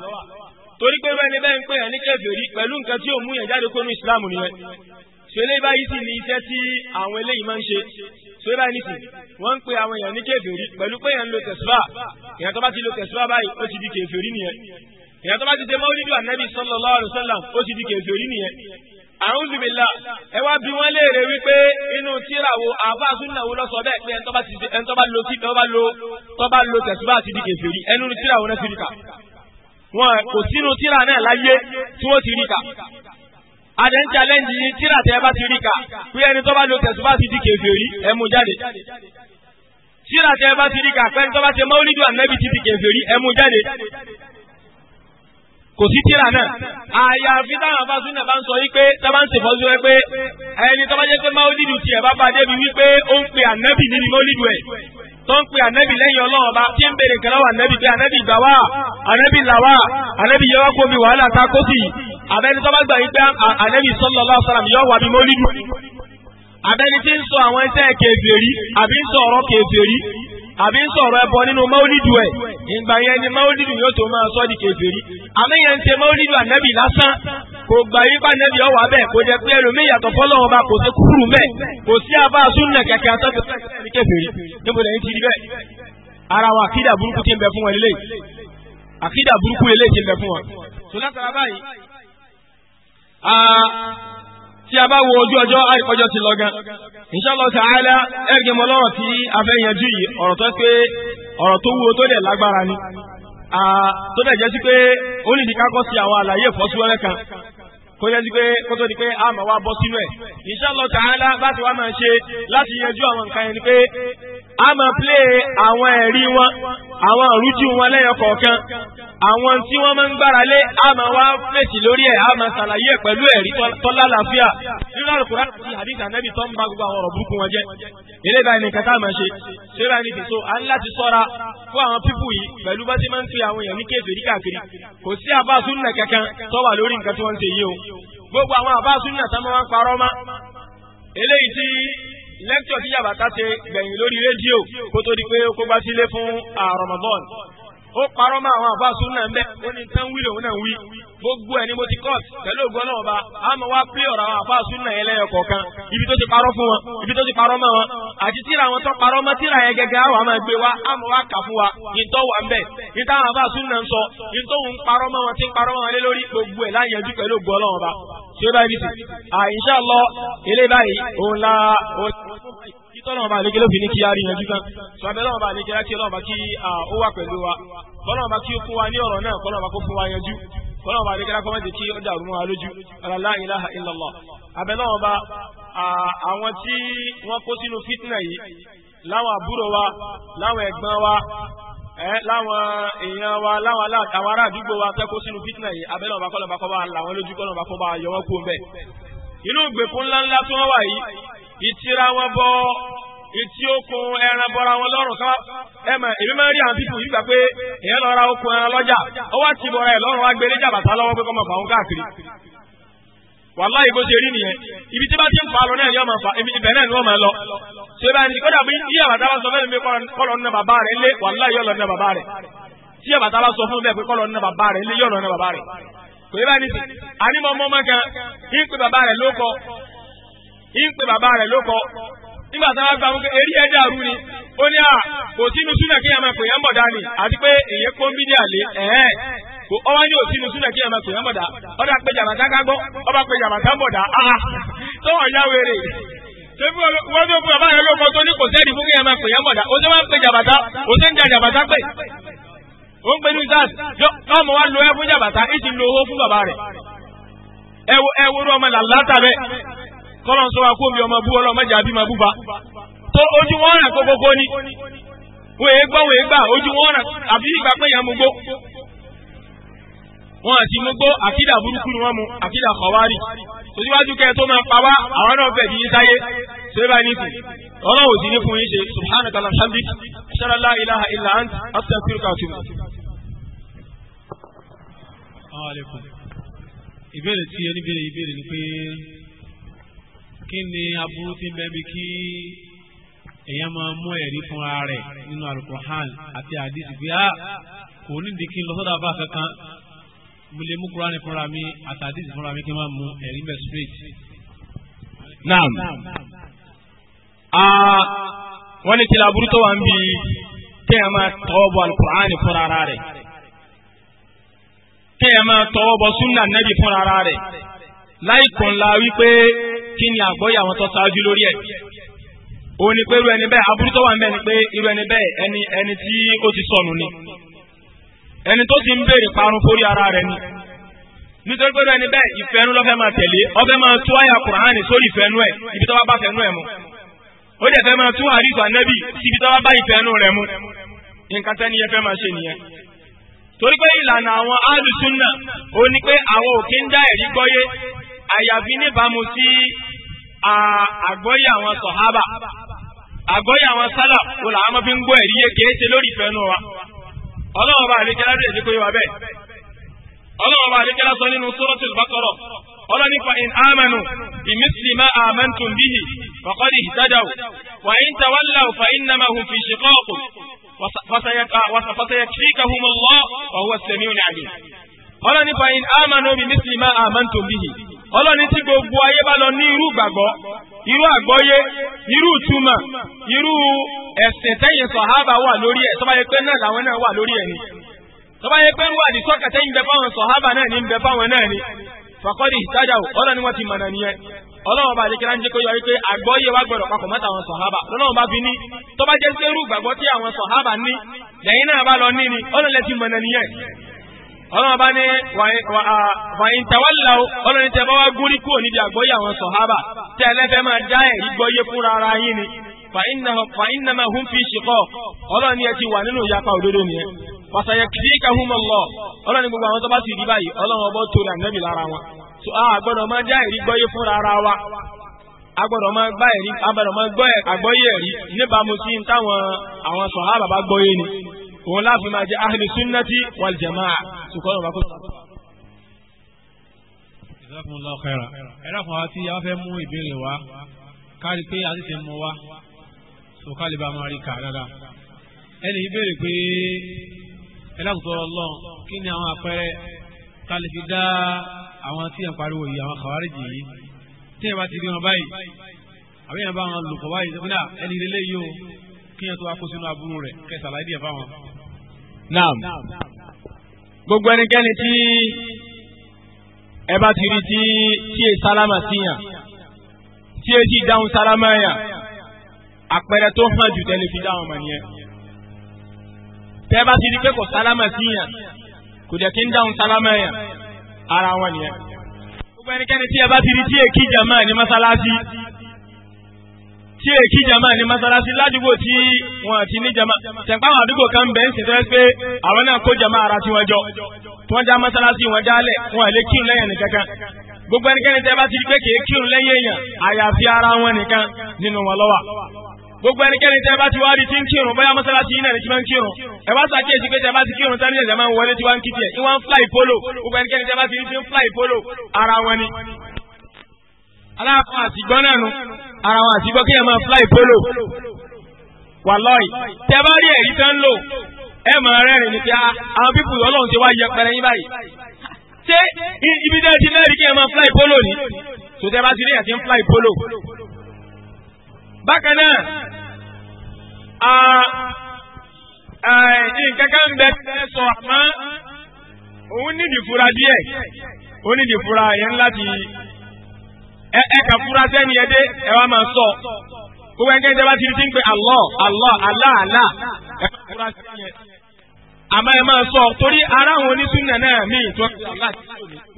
torí pé bẹ́ẹ̀ ni bẹ́ẹ̀ ń pè yẹn ní kéèsì rí pẹ̀lú nǹkan tí ò mú yẹn jáde kó ní ìsìlámù nìyẹn ṣe báyìí sì ni iṣẹ́ tí àwọn eléyìí máa ń ṣe sóyá nìsín wọ́n ń pe àwọn èèyàn ní kèfèrí pẹ̀lú pé èèyàn ń lo tẹ̀síwá èèyàn tó bá ti lo tẹ̀síwá báyìí ó ti di kèfèrí nìyẹn èèyàn tó bá ti ṣe mọ́wúlídù ànábì sallallahu alaihi wasallam ó ti di kèfèrí nìyẹn. a'udhu billah ẹ wá bí wọ́n léèrè wípé inú tíráwó àbá súnàwó lọ́sọ̀ bẹ́ẹ̀ pé ẹni tó bá lo tẹ̀síwá ti di kèfèrí ẹnu tíráwó náà ti rí kà wọ́n kò sínú tíra náà láyé tí wọ́n ti rí kà adé ń challenge yín tíra tẹ ẹ bá ti rí ka pé ẹni tó bá lo tẹ̀sùn ti di kèfèrí ẹ mú jáde tíra tẹ ẹ bá ti rí ka pé ẹni tó bá ti maulidu ànábì ti di kèfèrí ẹ mú jáde kò sí tíra náà àyàfi táwọn afásúnà bá ń sọ yí pé tábà ń sèfọ́ sí wẹ́ pé ẹni tó bá jẹ́ pé maulidu tiẹ̀ bá bá débi wípé ó ń pe ànábì nínú maulidu ẹ̀ tó ń pe ànábì lẹ́yìn ọlọ́run ọba tí ń béèrè kan lọ́wọ́ ànábì pé ànábì gbà wá ànábì là wá ànábì yẹ wá kó mi wàhálà ta kó sì abẹ́ni tó bá gbà yí pé ànẹ́bì sallallahu alaihi wasallam yóò wà bí mólídù abẹ́ni tí ń sọ àwọn iṣẹ́ kèfèrí àbí ń sọ ọ̀rọ̀ kèfèrí àbí ń sọ̀rọ̀ ẹbọ nínú mọ́lídù ẹ̀ ìgbà yẹn ni mọ́lídù yóò tó máa sọ di kèfèrí àmẹ́yẹn ń ṣe mọ́lídù ànẹ́bì lásán kò gbà yí pé ànẹ́bì ọ̀wà bẹ́ẹ̀ kò jẹ́ pé ẹlòmíì yàtọ̀ fọ́lọ́wọ́ bá kò sí kúrú mẹ́ kò sí abá súnà kẹ̀kẹ́ àtọ́kẹ́ kèfèrí níbo lẹ́yìn ti rí bẹ́ẹ̀ ara wa àkídà burúkú ti ń bẹ fún wọn lélẹ́yìí àkídà burúkú lélẹ́yìí ti ń bẹ fún wọn. sọlá sara báyìí Ah, tí a bá wo ojú ọjọ́ àìkọjọ́ ti lọ gan inshallah ta'ala ẹ̀rìgẹ̀ mọ́ lọ́rọ̀ tí a fẹ́ yanjú yìí ọ̀rọ̀ tó pé ọ̀rọ̀ tó wúwo tó dẹ̀ lágbára ni ah, tó dẹ̀ jẹ́ sí pé ó ní ìdí kákọ́ sí àwọn àlàyé ìfọ́síwẹ́rẹ́ kan kó jẹ́ sí pé kó tó di pé a máa wá bọ́ sínú ẹ̀ inshallah ta'ala bá ti wá máa ṣe láti yanjú àwọn nǹkan yẹn ni pé a máa play àwọn ẹ̀rí wọn àwọn ìrújú wọn lẹ́yọ àwọn tí wọ́n máa ń gbára lé àmọ́ wá fèsì lórí ẹ̀ àmọ́ ṣàlàyé ẹ̀ pẹ̀lú ẹ̀rí tọ́lá làáfíà nínú Al-Qur'an àti hadith Ànábì tó ń ba gbogbo àwọn ọ̀rọ̀ burúkú wọn jẹ́ eléyìí báyìí nìkan tá a máa ṣe ṣé báyìí nìkan so à ń láti sọ́ra fún àwọn pípù yìí pẹ̀lú bá ti máa ń fi àwọn èèyàn ní kéèfèrí káàkiri kò sí àbá súnà kankan tó wà lórí nǹkan tí wọ́n Ramadan ó parọ́ mọ́ àwọn àbá sún náà ń bẹ́ ó ní tán wí lòun náà wí gbogbo ẹ̀ ni mo ti kọ́ọ̀tù pẹ̀lú ògbọ́n náà ọba àmọ́ wá pé ọ̀rọ̀ àwọn àbá sún náà ẹlẹ́yọ kọ̀ọ̀kan ibi tó ti parọ́ fún wọn ibi tó ti parọ́ mọ́ wọn àti tíra wọn tó parọ́ mọ́ tíra yẹn gẹ́gẹ́ àwọn àmọ́ ẹgbẹ́ wa àmọ́ wá kà fún wa ìtọ́ wà ń bẹ̀ ìta àwọn náà ń sọ ìtọ́ inshallah eléyìí báyìí òun tọ́lọ́wọ́n bá lékelé fi ní kí ari yanjú kan sọ abẹ́ lọ́wọ́n bá lékelé kí ọlọ́wọ́n bá kí ó wà pẹ̀lú wa kọ́lọ́wọ́n bá kí ó fún wa ní ọ̀rọ̀ náà kọ́lọ́wọ́n bá kó fún wa yanjú kọ́lọ́wọ́n bá lékelé kọ́ mọ́tì kí ó dàrú mọ́ lójú la ilaha illallah abẹ́ lọ́wọ́n bá àwọn tí wọ́n kó sínú fitna yìí láwọn àbúrò wa láwọn ẹ̀gbọ́n wa láwọn èèyàn wa láwọn àwọn ará àdúgbò wa tẹ́kó sínú fitna yìí abẹ́ lọ́wọ́n bá kọ́lọ́wọ́n bá kọ́ bá làwọn lójú kọ́lọ́wọ́n bá kọ́ bá yọ wọ́n kú bẹ́ẹ̀ inú ìgbèkùn ńláńlá tí wọ́n wà yìí ìtira wọn bọ ìtí okùn ẹran bọra wọn lọ́rùn ká ẹ mọ̀ èmi máa ń rí àwọn pípù yìí gbà pé èèyàn lọ ra okùn ẹran ó wá ti bọra ẹ̀ lọ́rùn wá gbé bàtà pé kọ́ máa fà wọn ibi tí bá ti ń fa lọ náà ni wọ́n máa fa ibẹ̀ náà ni wọ́n máa lọ. ṣé báyìí bí yíyà bàtà bá sọ fẹ́ẹ́ mi nínú bàbá ń pe bàbá rẹ̀ ló kọ́ nígbà tí wọ́n bá wọn pé eré ẹ̀ ni ó ní à kò sínú súnà kí ẹ̀ma pè é mọ̀ àti pé èyí kó ń bí ẹ̀ẹ́ kò òsínú kí pè é ọ̀dà pé ká gbọ́ ọba a tọ́wọ̀ ya wèrè tẹ́bí wọ́n tó fún bàbá rẹ̀ lóko tó ní kò sẹ́ni fún kí ẹ̀ma pè é ó máa ń pe jàbàtà ó tó ń ja jàbàtà pé ó ń pe ní sars kọ́lọ́n sọ wa kó mi ọmọ bú ọlọ́mọ jà bí ma bú ba tó ojú wọn rẹ̀ kókókó ni wọ́n èé gbọ́ wọ́n èé gbà ojú wọn rẹ̀ àbí ìgbà pé yẹn mú gbó wọn àti mú gbó àkídà burúkú ni wọn mú àkídà kọ̀wárì sòsíwájú kẹ́ ẹ tó máa pa wá àwọn náà fẹ̀ yín sáyé sèbá ní kù ọlọ́run ò sí ní fún yín ṣe subhanaka alhamdik ṣẹlẹ la ilaha illa ant astaghfiruka wa atubu. ìbéèrè tí ẹni béèrè ìbéèrè ni pé kí ni aburú ti bẹ bí kí èèyàn máa mú ẹ̀rí fúnra rẹ̀ nínú alukur'an àti àdìsí pé ah kò ní kí n lọ sọ́dọ̀ àbá kankan mo lè mú kur'an fúnra mi àti àdìsí fúnra mi kí n máa mú ẹ̀rí mẹ́ straight. naam wọ́n ní kí laburú tó wà ń bi kéèyàn máa tọwọ́ bọ alukur'an fúnra rẹ̀ kéèyàn máa tọwọ́ bọ sunna nabi fúnra rẹ̀ láì kùn la wípé kí ni àgbọ́yé àwọn tó ṣáájú lórí ẹ̀ ó ní pé irú ẹni bẹ́ẹ̀ aburú tó wà ń bẹ ni pé irú ẹni bẹ́ẹ̀ ẹni ẹni tí ó ti sọnù ni ẹni tó ti ń béèrè parun forí ara rẹ̀ ni nítorí pé irú ẹni bẹ́ẹ̀ ìfẹ́nu lọ́fẹ́ máa tẹ̀lé ọfẹ́ máa tú àyà kùránì sórí ìfẹ́nu ẹ̀ ibi tó bá bá fẹ́nu ẹ̀ mu ó dẹ̀ fẹ́ máa tú àdìsọ ànẹ́bì síbi tó bá bá ìfẹ́nu rẹ̀ mu nǹkan tẹ́ni àyàfi níbàámu sí àgbọ́yé àwọn sọ̀hábà àgbọ́yé àwọn sálà wò làwọn ọmọ fi ń gbọ́ ẹ̀rí yé kìí ṣe lórí ìfẹ́ nù wa ọlọ́run bá àlékẹ́lá lè dé kó yé wa bẹ́ẹ̀ ọlọ́run bá àlékẹ́lá sọ nínú Suratul Baqara ọlọ́ni fa in amanu bimisli ma amantum bihi faqad ihtadaw wa in tawallaw fa innama fi shiqaq fasayakfikahum ah, Allah wa huwa as-sami'u ọlọ́ni tí gbogbo ayé bá lọ ní irú gbàgbọ́ irú àgbọ́yé irú ìtumọ̀ irú ẹ̀sìn tẹ́yìn sọ̀hábà wà lórí ẹ̀ tọ́ba yẹ pé náà làwọn náà wà lórí ẹ̀ ni tọ́ba yẹ pé ń wà ní sọ́kà tẹ́yìn bẹ fáwọn sọ̀hábà náà ní bẹ fáwọn náà ni fàkọ́dì ìtajà ọlọ́ni wọn ti mọ̀nà nìyẹn ọlọ́run bá àdékẹ́lá ń jẹ́ kó yọ wípé àgbọ́yé wa gbọ́dọ̀ papọ̀ mọ́ta àwọn sọ̀hábà lọ́lọ́run bá fi ní tọ́ba jẹ́ sí irú gbàgbọ́ tí àwọn sọ̀hábà ní lẹ́yìn náà bá lọ ní ni ọlọ́lẹ́ ti mọ̀nà nìyẹn ọlọ́run bá ní fàyíntàwálà ọlọ́run tẹ bá wá gúnrí kúrò níbi àgbọ́yé àwọn sọ̀hábà tẹ ẹlẹ́fẹ́ máa dá ẹ̀rí gbọ́yé fúnra ara yín ni fàyínnàmà hùn fi ṣìkọ́ ọlọ́run ni ẹ ti wà nínú ìyapa òdodo nìyẹn pàṣẹ kìíkà hùn mọ́ lọ ọlọ́run ni gbogbo àwọn tó sì rí báyìí ọlọ́run ọbọ̀ tó rà lára wọn so fúnra ara wa a gbọ́dọ̀ máa gbọ́ ẹ̀rí níbàámu sí táwọn àwọn bá òun láàfin máa jẹ́ ahlu sunnati wal jamaa ṣùkọ́ ọ̀rọ̀ bá kó. jazakumullahu khairan ẹ̀rọ fún wa tí a fẹ́ mú ìbéèrè wa kárí pé a ti ti mú wa sọ̀kálẹ̀ bá máa rí kà dáadáa ẹni ìbéèrè pé ẹlẹ́kùtọ̀ ọlọ́run kí ni àwọn àpẹẹrẹ ta lè fi dá àwọn tí yẹn pariwo yìí àwọn kàwárìjì yìí tí yẹn bá ti rí wọn báyìí àbí yẹn bá wọn lò pọ̀ báyìí ẹni ilé yìí o kí yẹn tó wá kó sínú aburú rẹ̀ kẹsàlá ìdí ẹ̀ fáwọn. naam gbogbo ẹnikẹ́ni tí ẹ bá ti rí tí tí e sálámà sí yàn tí e ti dáhùn sálámà yàn àpẹẹrẹ tó hàn jù tẹ́lẹ̀ fi dáhùn mọ̀ nìyẹn tẹ́ bá ti rí pé kò sálámà sí yàn kò dẹ̀ kí ń dáhùn sálámà yàn ara wọn nìyẹn gbogbo ẹnikẹ́ni tí ẹ bá ti rí tí èkí jàmáà ní mọ́sálásí tí èkí jama ni masalasi ládùúgbò tí wọn ti ní jama tẹ̀páwọn àdúgbò kan bẹ̀ ń ṣètẹ́ pé àwọn náà kó jama ara tí wọ́n jọ wọ́n já masalasi wọn jálẹ̀ wọn lè kírun lẹ́yìn nìkan kan gbogbo ẹnikẹ́ni tẹ́ bá ti di pé kì í kírun lẹ́yìn èèyàn àyàfi ara wọn nìkan nínú wọn lọ́wọ́ gbogbo ẹnikẹ́ni tẹ́ bá ti wá rí tí ń kírun bóyá mọ́sálásí yìí náà ní ti máa ń kírun ẹ bá ṣàkíyèsí pé tẹ́ bá ti kírun tán ní ẹ̀jẹ̀ fly polo gbogbo ẹnikẹ́ni tẹ́ bá fly polo ara wọn aláàfin àtìgbọ́n náà nu ara wọn àtìgbọ́n kí ẹ máa fly polo wà lọ́ọ̀ì tẹ bá rí ẹ̀rí tán lò ẹ máa rẹ́rìn ní pé ah, àwọn pípù ọlọ́run ti wá yẹpẹrẹ yín báyìí ṣé ibi tẹ́ ẹ ti lẹ́rìí kí ẹ máa fly polo ni tó tẹ bá ti rí ẹ̀ ti ń fly polo. bákan náà nǹkan kan bẹ sọ àmọ́ òun nídìí fura díẹ̀ òun nídìí fura yẹn láti ẹ ẹ kà fura sẹ́ni ẹdẹ ẹ wá máa sọ gbogbo ẹni tẹ́tẹ́ bá ti di ti ń pe Allah Allah Allah Allah ẹ kà fura sẹ́ni ẹ àmọ́ ẹ máa sọ torí ara àwọn onísúnnà náà mí ìtọ́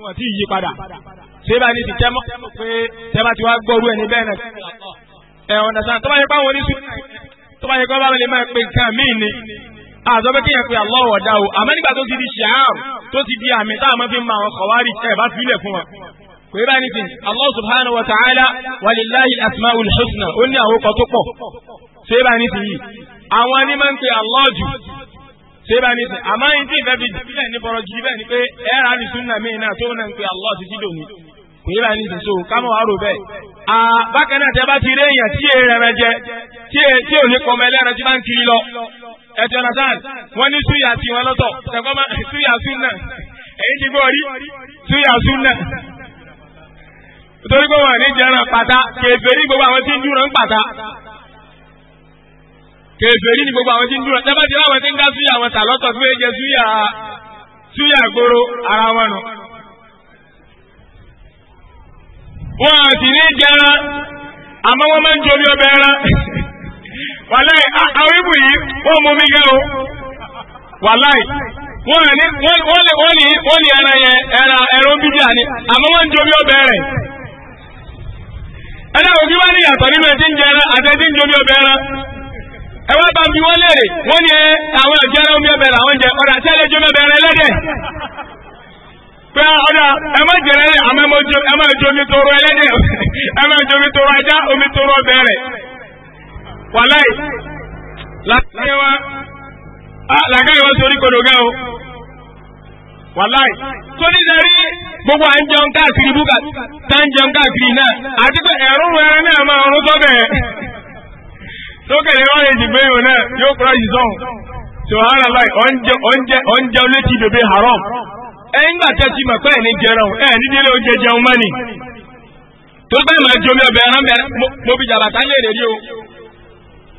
wọn ti yí padà ṣé bá ní ti tẹ́ mọ́ pé tẹ́ bá ti wá gbọ́rú ẹni bẹ́ẹ̀ náà ẹ ọ̀nà sàn tó bá yẹ pé àwọn onísúnnà tó bá yẹ pé báwọn lè máa pe nǹkan míì ni àzọ pé kéèyàn pe Allah ọ̀dà o àmọ́ nígbà tó ti di ṣàárò tó ti di àmì táwọn fi ń ma àwọn kọ̀wárì ẹ̀ bá fi ilẹ̀ fún wọn kò yẹ bá ní sìn Allah subhanahu wa ta'ala walillahi asmaul husna ó ní àwọn ọkọ̀ tó pọ̀ ṣé yẹ bá ní sìn yìí àwọn ni máa ń pe Allah jù ṣé bá ní sè àmọ́ yín tí ìfẹ́ fi bílẹ̀ ní bọ̀rọ̀ jù bẹ́ẹ̀ ni pé ẹ ra ní súnà míì náà tó náà ń pe Allah ti jí lòní kò yé bá ní so kámọ́ wàá rò bẹ́ẹ̀. bákan náà tẹ bá ti rí èèyàn tí èè rẹ̀ jẹ tí ò ní kọmọ ẹlẹ́rọ tí bá ń kiri lọ ẹ̀tọ́ náà èyí ti gbọ́ rí súyà nítorí pé wọn ní jẹran pátá kèfèrí gbogbo àwọn tí ń dúró ń gbogbo àwọn tí ń dúró tẹ́fẹ́ ti láwọn tí ń dá súyà wọn tàlọ́tọ̀ tó ẹjẹ súyà súyà ara wọn nù. wọn sì ní jẹran àmọ́ máa ń jomi ẹran wàláì àwọn ibù yìí mú mi o wàláì ní ẹ̀dá òkè wá ní ìyàtọ̀ nínú ẹtí ń jẹ ẹran àti ẹtí ń jẹ omi ọbẹ̀ ẹran ẹ wá bá bí wọ́n léèrè wọ́n ní àwọn ẹ̀jẹ̀ ẹran omi ọbẹ̀ làwọn jẹ ọ̀dà tí ẹlẹ́jọ́ omi ọbẹ̀ ẹran pé ọ̀dà ẹ má jẹ àmọ́ ẹ má jẹ omi toro ẹlẹ́dẹ̀ ẹ má jẹ omi toro ajá omi toro ọbẹ̀ rẹ̀ wàláì làkàyè wọn sọ orí kodò gẹ́ o wàláì tó ní gbogbo à ń jẹun káàkiri búkà tá ń jẹun káàkiri náà àti pé ẹ̀rún ẹran náà máa rún sọ́bẹ̀ sókè ní náà yóò kúrò yìí sọ́hùn sòhánà láì oúnjẹ haram oúnjẹ jẹun omi lè o.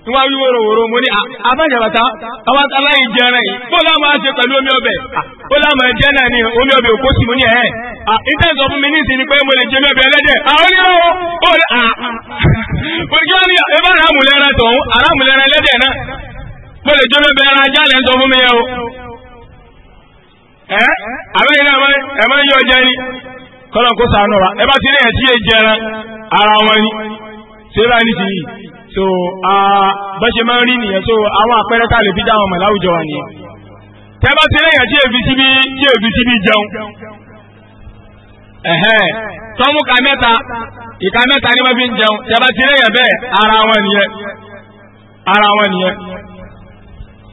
tí wọ́n wí wòrò wòrò mo ní abájàbàtà àwọn aláì jẹrẹ yìí bó láwọn máa ṣe pẹ̀lú omi ọbẹ̀ bó láwọn máa jẹ́ náà ni omi ọbẹ̀ òkú sì mo ní ẹ̀ a fún mi ní ìsinmi pé mo lè omi ọbẹ̀ ẹlẹ́dẹ̀ àwọn ó lè à ní ẹlẹ́dẹ̀ náà mo lè omi ọbẹ̀ ẹran ajá fún mi o so bá ṣe máa ń rí nìyẹn so àwọn àpẹẹrẹ tá a lè fi dá àwọn ọmọ láwùjọ wa nìyẹn tẹ́ bá ti lẹ́yìn tí èfi síbi tí èfi síbi jẹun ẹ̀hẹ́ tọ́mú ka mẹ́ta ìka mẹ́ta ní wọ́n fi ń jẹun tẹ́ bá ti lẹ́yìn bẹ́ẹ̀ ara wọn nìyẹn ara wọn nìyẹn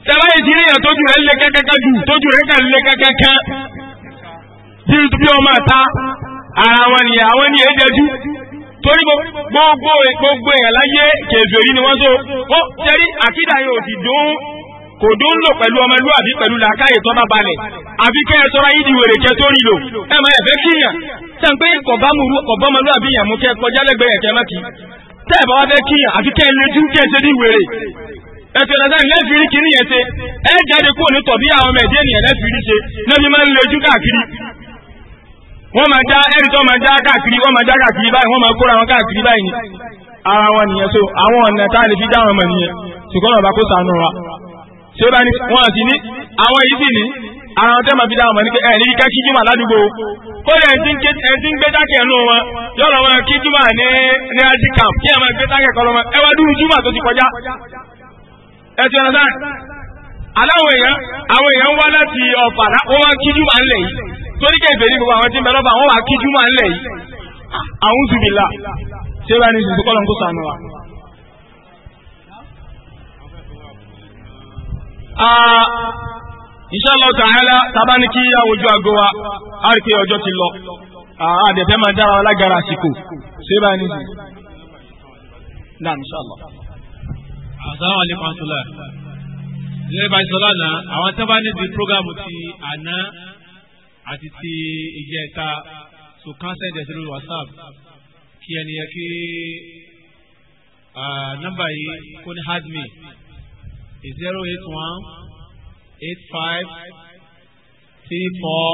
tẹ́ yìí ti lẹ́yìn tójú rẹ̀ lé kẹ́kẹ́kẹ́ jù tójú rẹ̀ kẹ́ lé kẹ́kẹ́kẹ́ bí ọmọ ta ara wọn nìyẹn àwọn nìyẹn jẹjú torí gbogbo e- gbogbo èèyàn e láyé kèfèrí ni wọ́n so ó tẹ́rí àkídà yóò ti dùn kò dùn lò pẹ̀lú ọmọlúwàbí pẹ̀lú làákàyè tó bá balẹ̀ àbí kẹ́ ẹ sọ́ra yídi wèrè kẹ́ tó nílò ẹ máa ẹ̀fẹ́ kíyàn sàn pé kọ̀bámọlúwàbí yàn mú kẹ́ kọjá lẹ́gbẹ̀ẹ́ kẹ́ mọ́kì tẹ́ ẹ̀ bá wá fẹ́ kíyàn àbí kẹ́ ẹ lójú kẹ́ ẹ ṣe bí wèrè ẹ̀fẹ̀ lọ́sẹ̀ lẹ́fìrí kìíní yẹn ṣe ẹ jáde kúrò ní tọ̀bí àwọn ọmọ ẹ̀dẹ́ ènìyàn lẹ́fìrí ṣe lẹ́bi máa ń lójú káàkiri wọ́n máa já ẹ̀rí tó máa já káàkiri wọ́n máa já káàkiri báyìí wọ́n máa kóra wọn káàkiri báyìí ara wọn nìyẹn so àwọn ọ̀nà tá a lè fi dá wọn mọ̀ nìyẹn ṣùgbọ́n ọ̀bà kó sànù wa ṣé bá ní wọn sì ní àwọn yìí sì ní ara wọn tẹ́ máa fi dá wọn mọ̀ ní pé ẹ̀rí ká kí jùmọ̀ ládùúgbò kódà ẹ̀ ti gbé jákè ẹnu wọn yọ̀rọ̀ wọn kí jùmọ̀ ní ní camp kí ẹ̀ máa gbé jákè torí kẹfẹ́ ní gbogbo àwọn tí ń bẹ lọ́ba àwọn wà kíjú máa ń lẹ̀ yìí àwọn zubila ṣé bá ní zùzù kọ́ lọ́n kó sànù wa. inshallah ta'ala tábà ní kí àwùjọ àgọ́ wa á rí pé ọjọ́ ti lọ àdẹ̀fẹ́ máa dára lágara àsìkò ṣé bá ní zùzù. náà inshallah. assalamu alaikum àtúlá. ilé ìbáṣọ́ lánàá àwọn tábà ní di prógámù ti àná àti ti ìjẹta so cancel the zero whatsapp kí ẹni yẹ kí ah, nọ́mbà yìí kó ní hadmi zero eight one eight five three four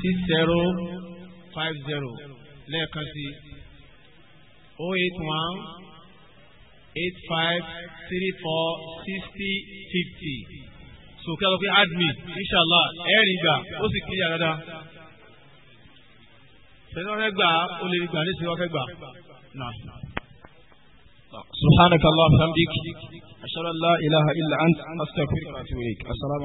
six zero five zero lẹ́ẹ̀kan sí o eight one eight five three four sixty fifty so kí a lọ fi admi inshallah ẹ̀rìn gbà ó sì kíyà dáadáa sẹ́ni wọ́n gbà ó lè gbà ní sẹ́ni wọ́n gbà. سبحانك اللهم وبحمدك أشهد أن لا إله إلا أنت أستغفرك وأتوب إليك السلام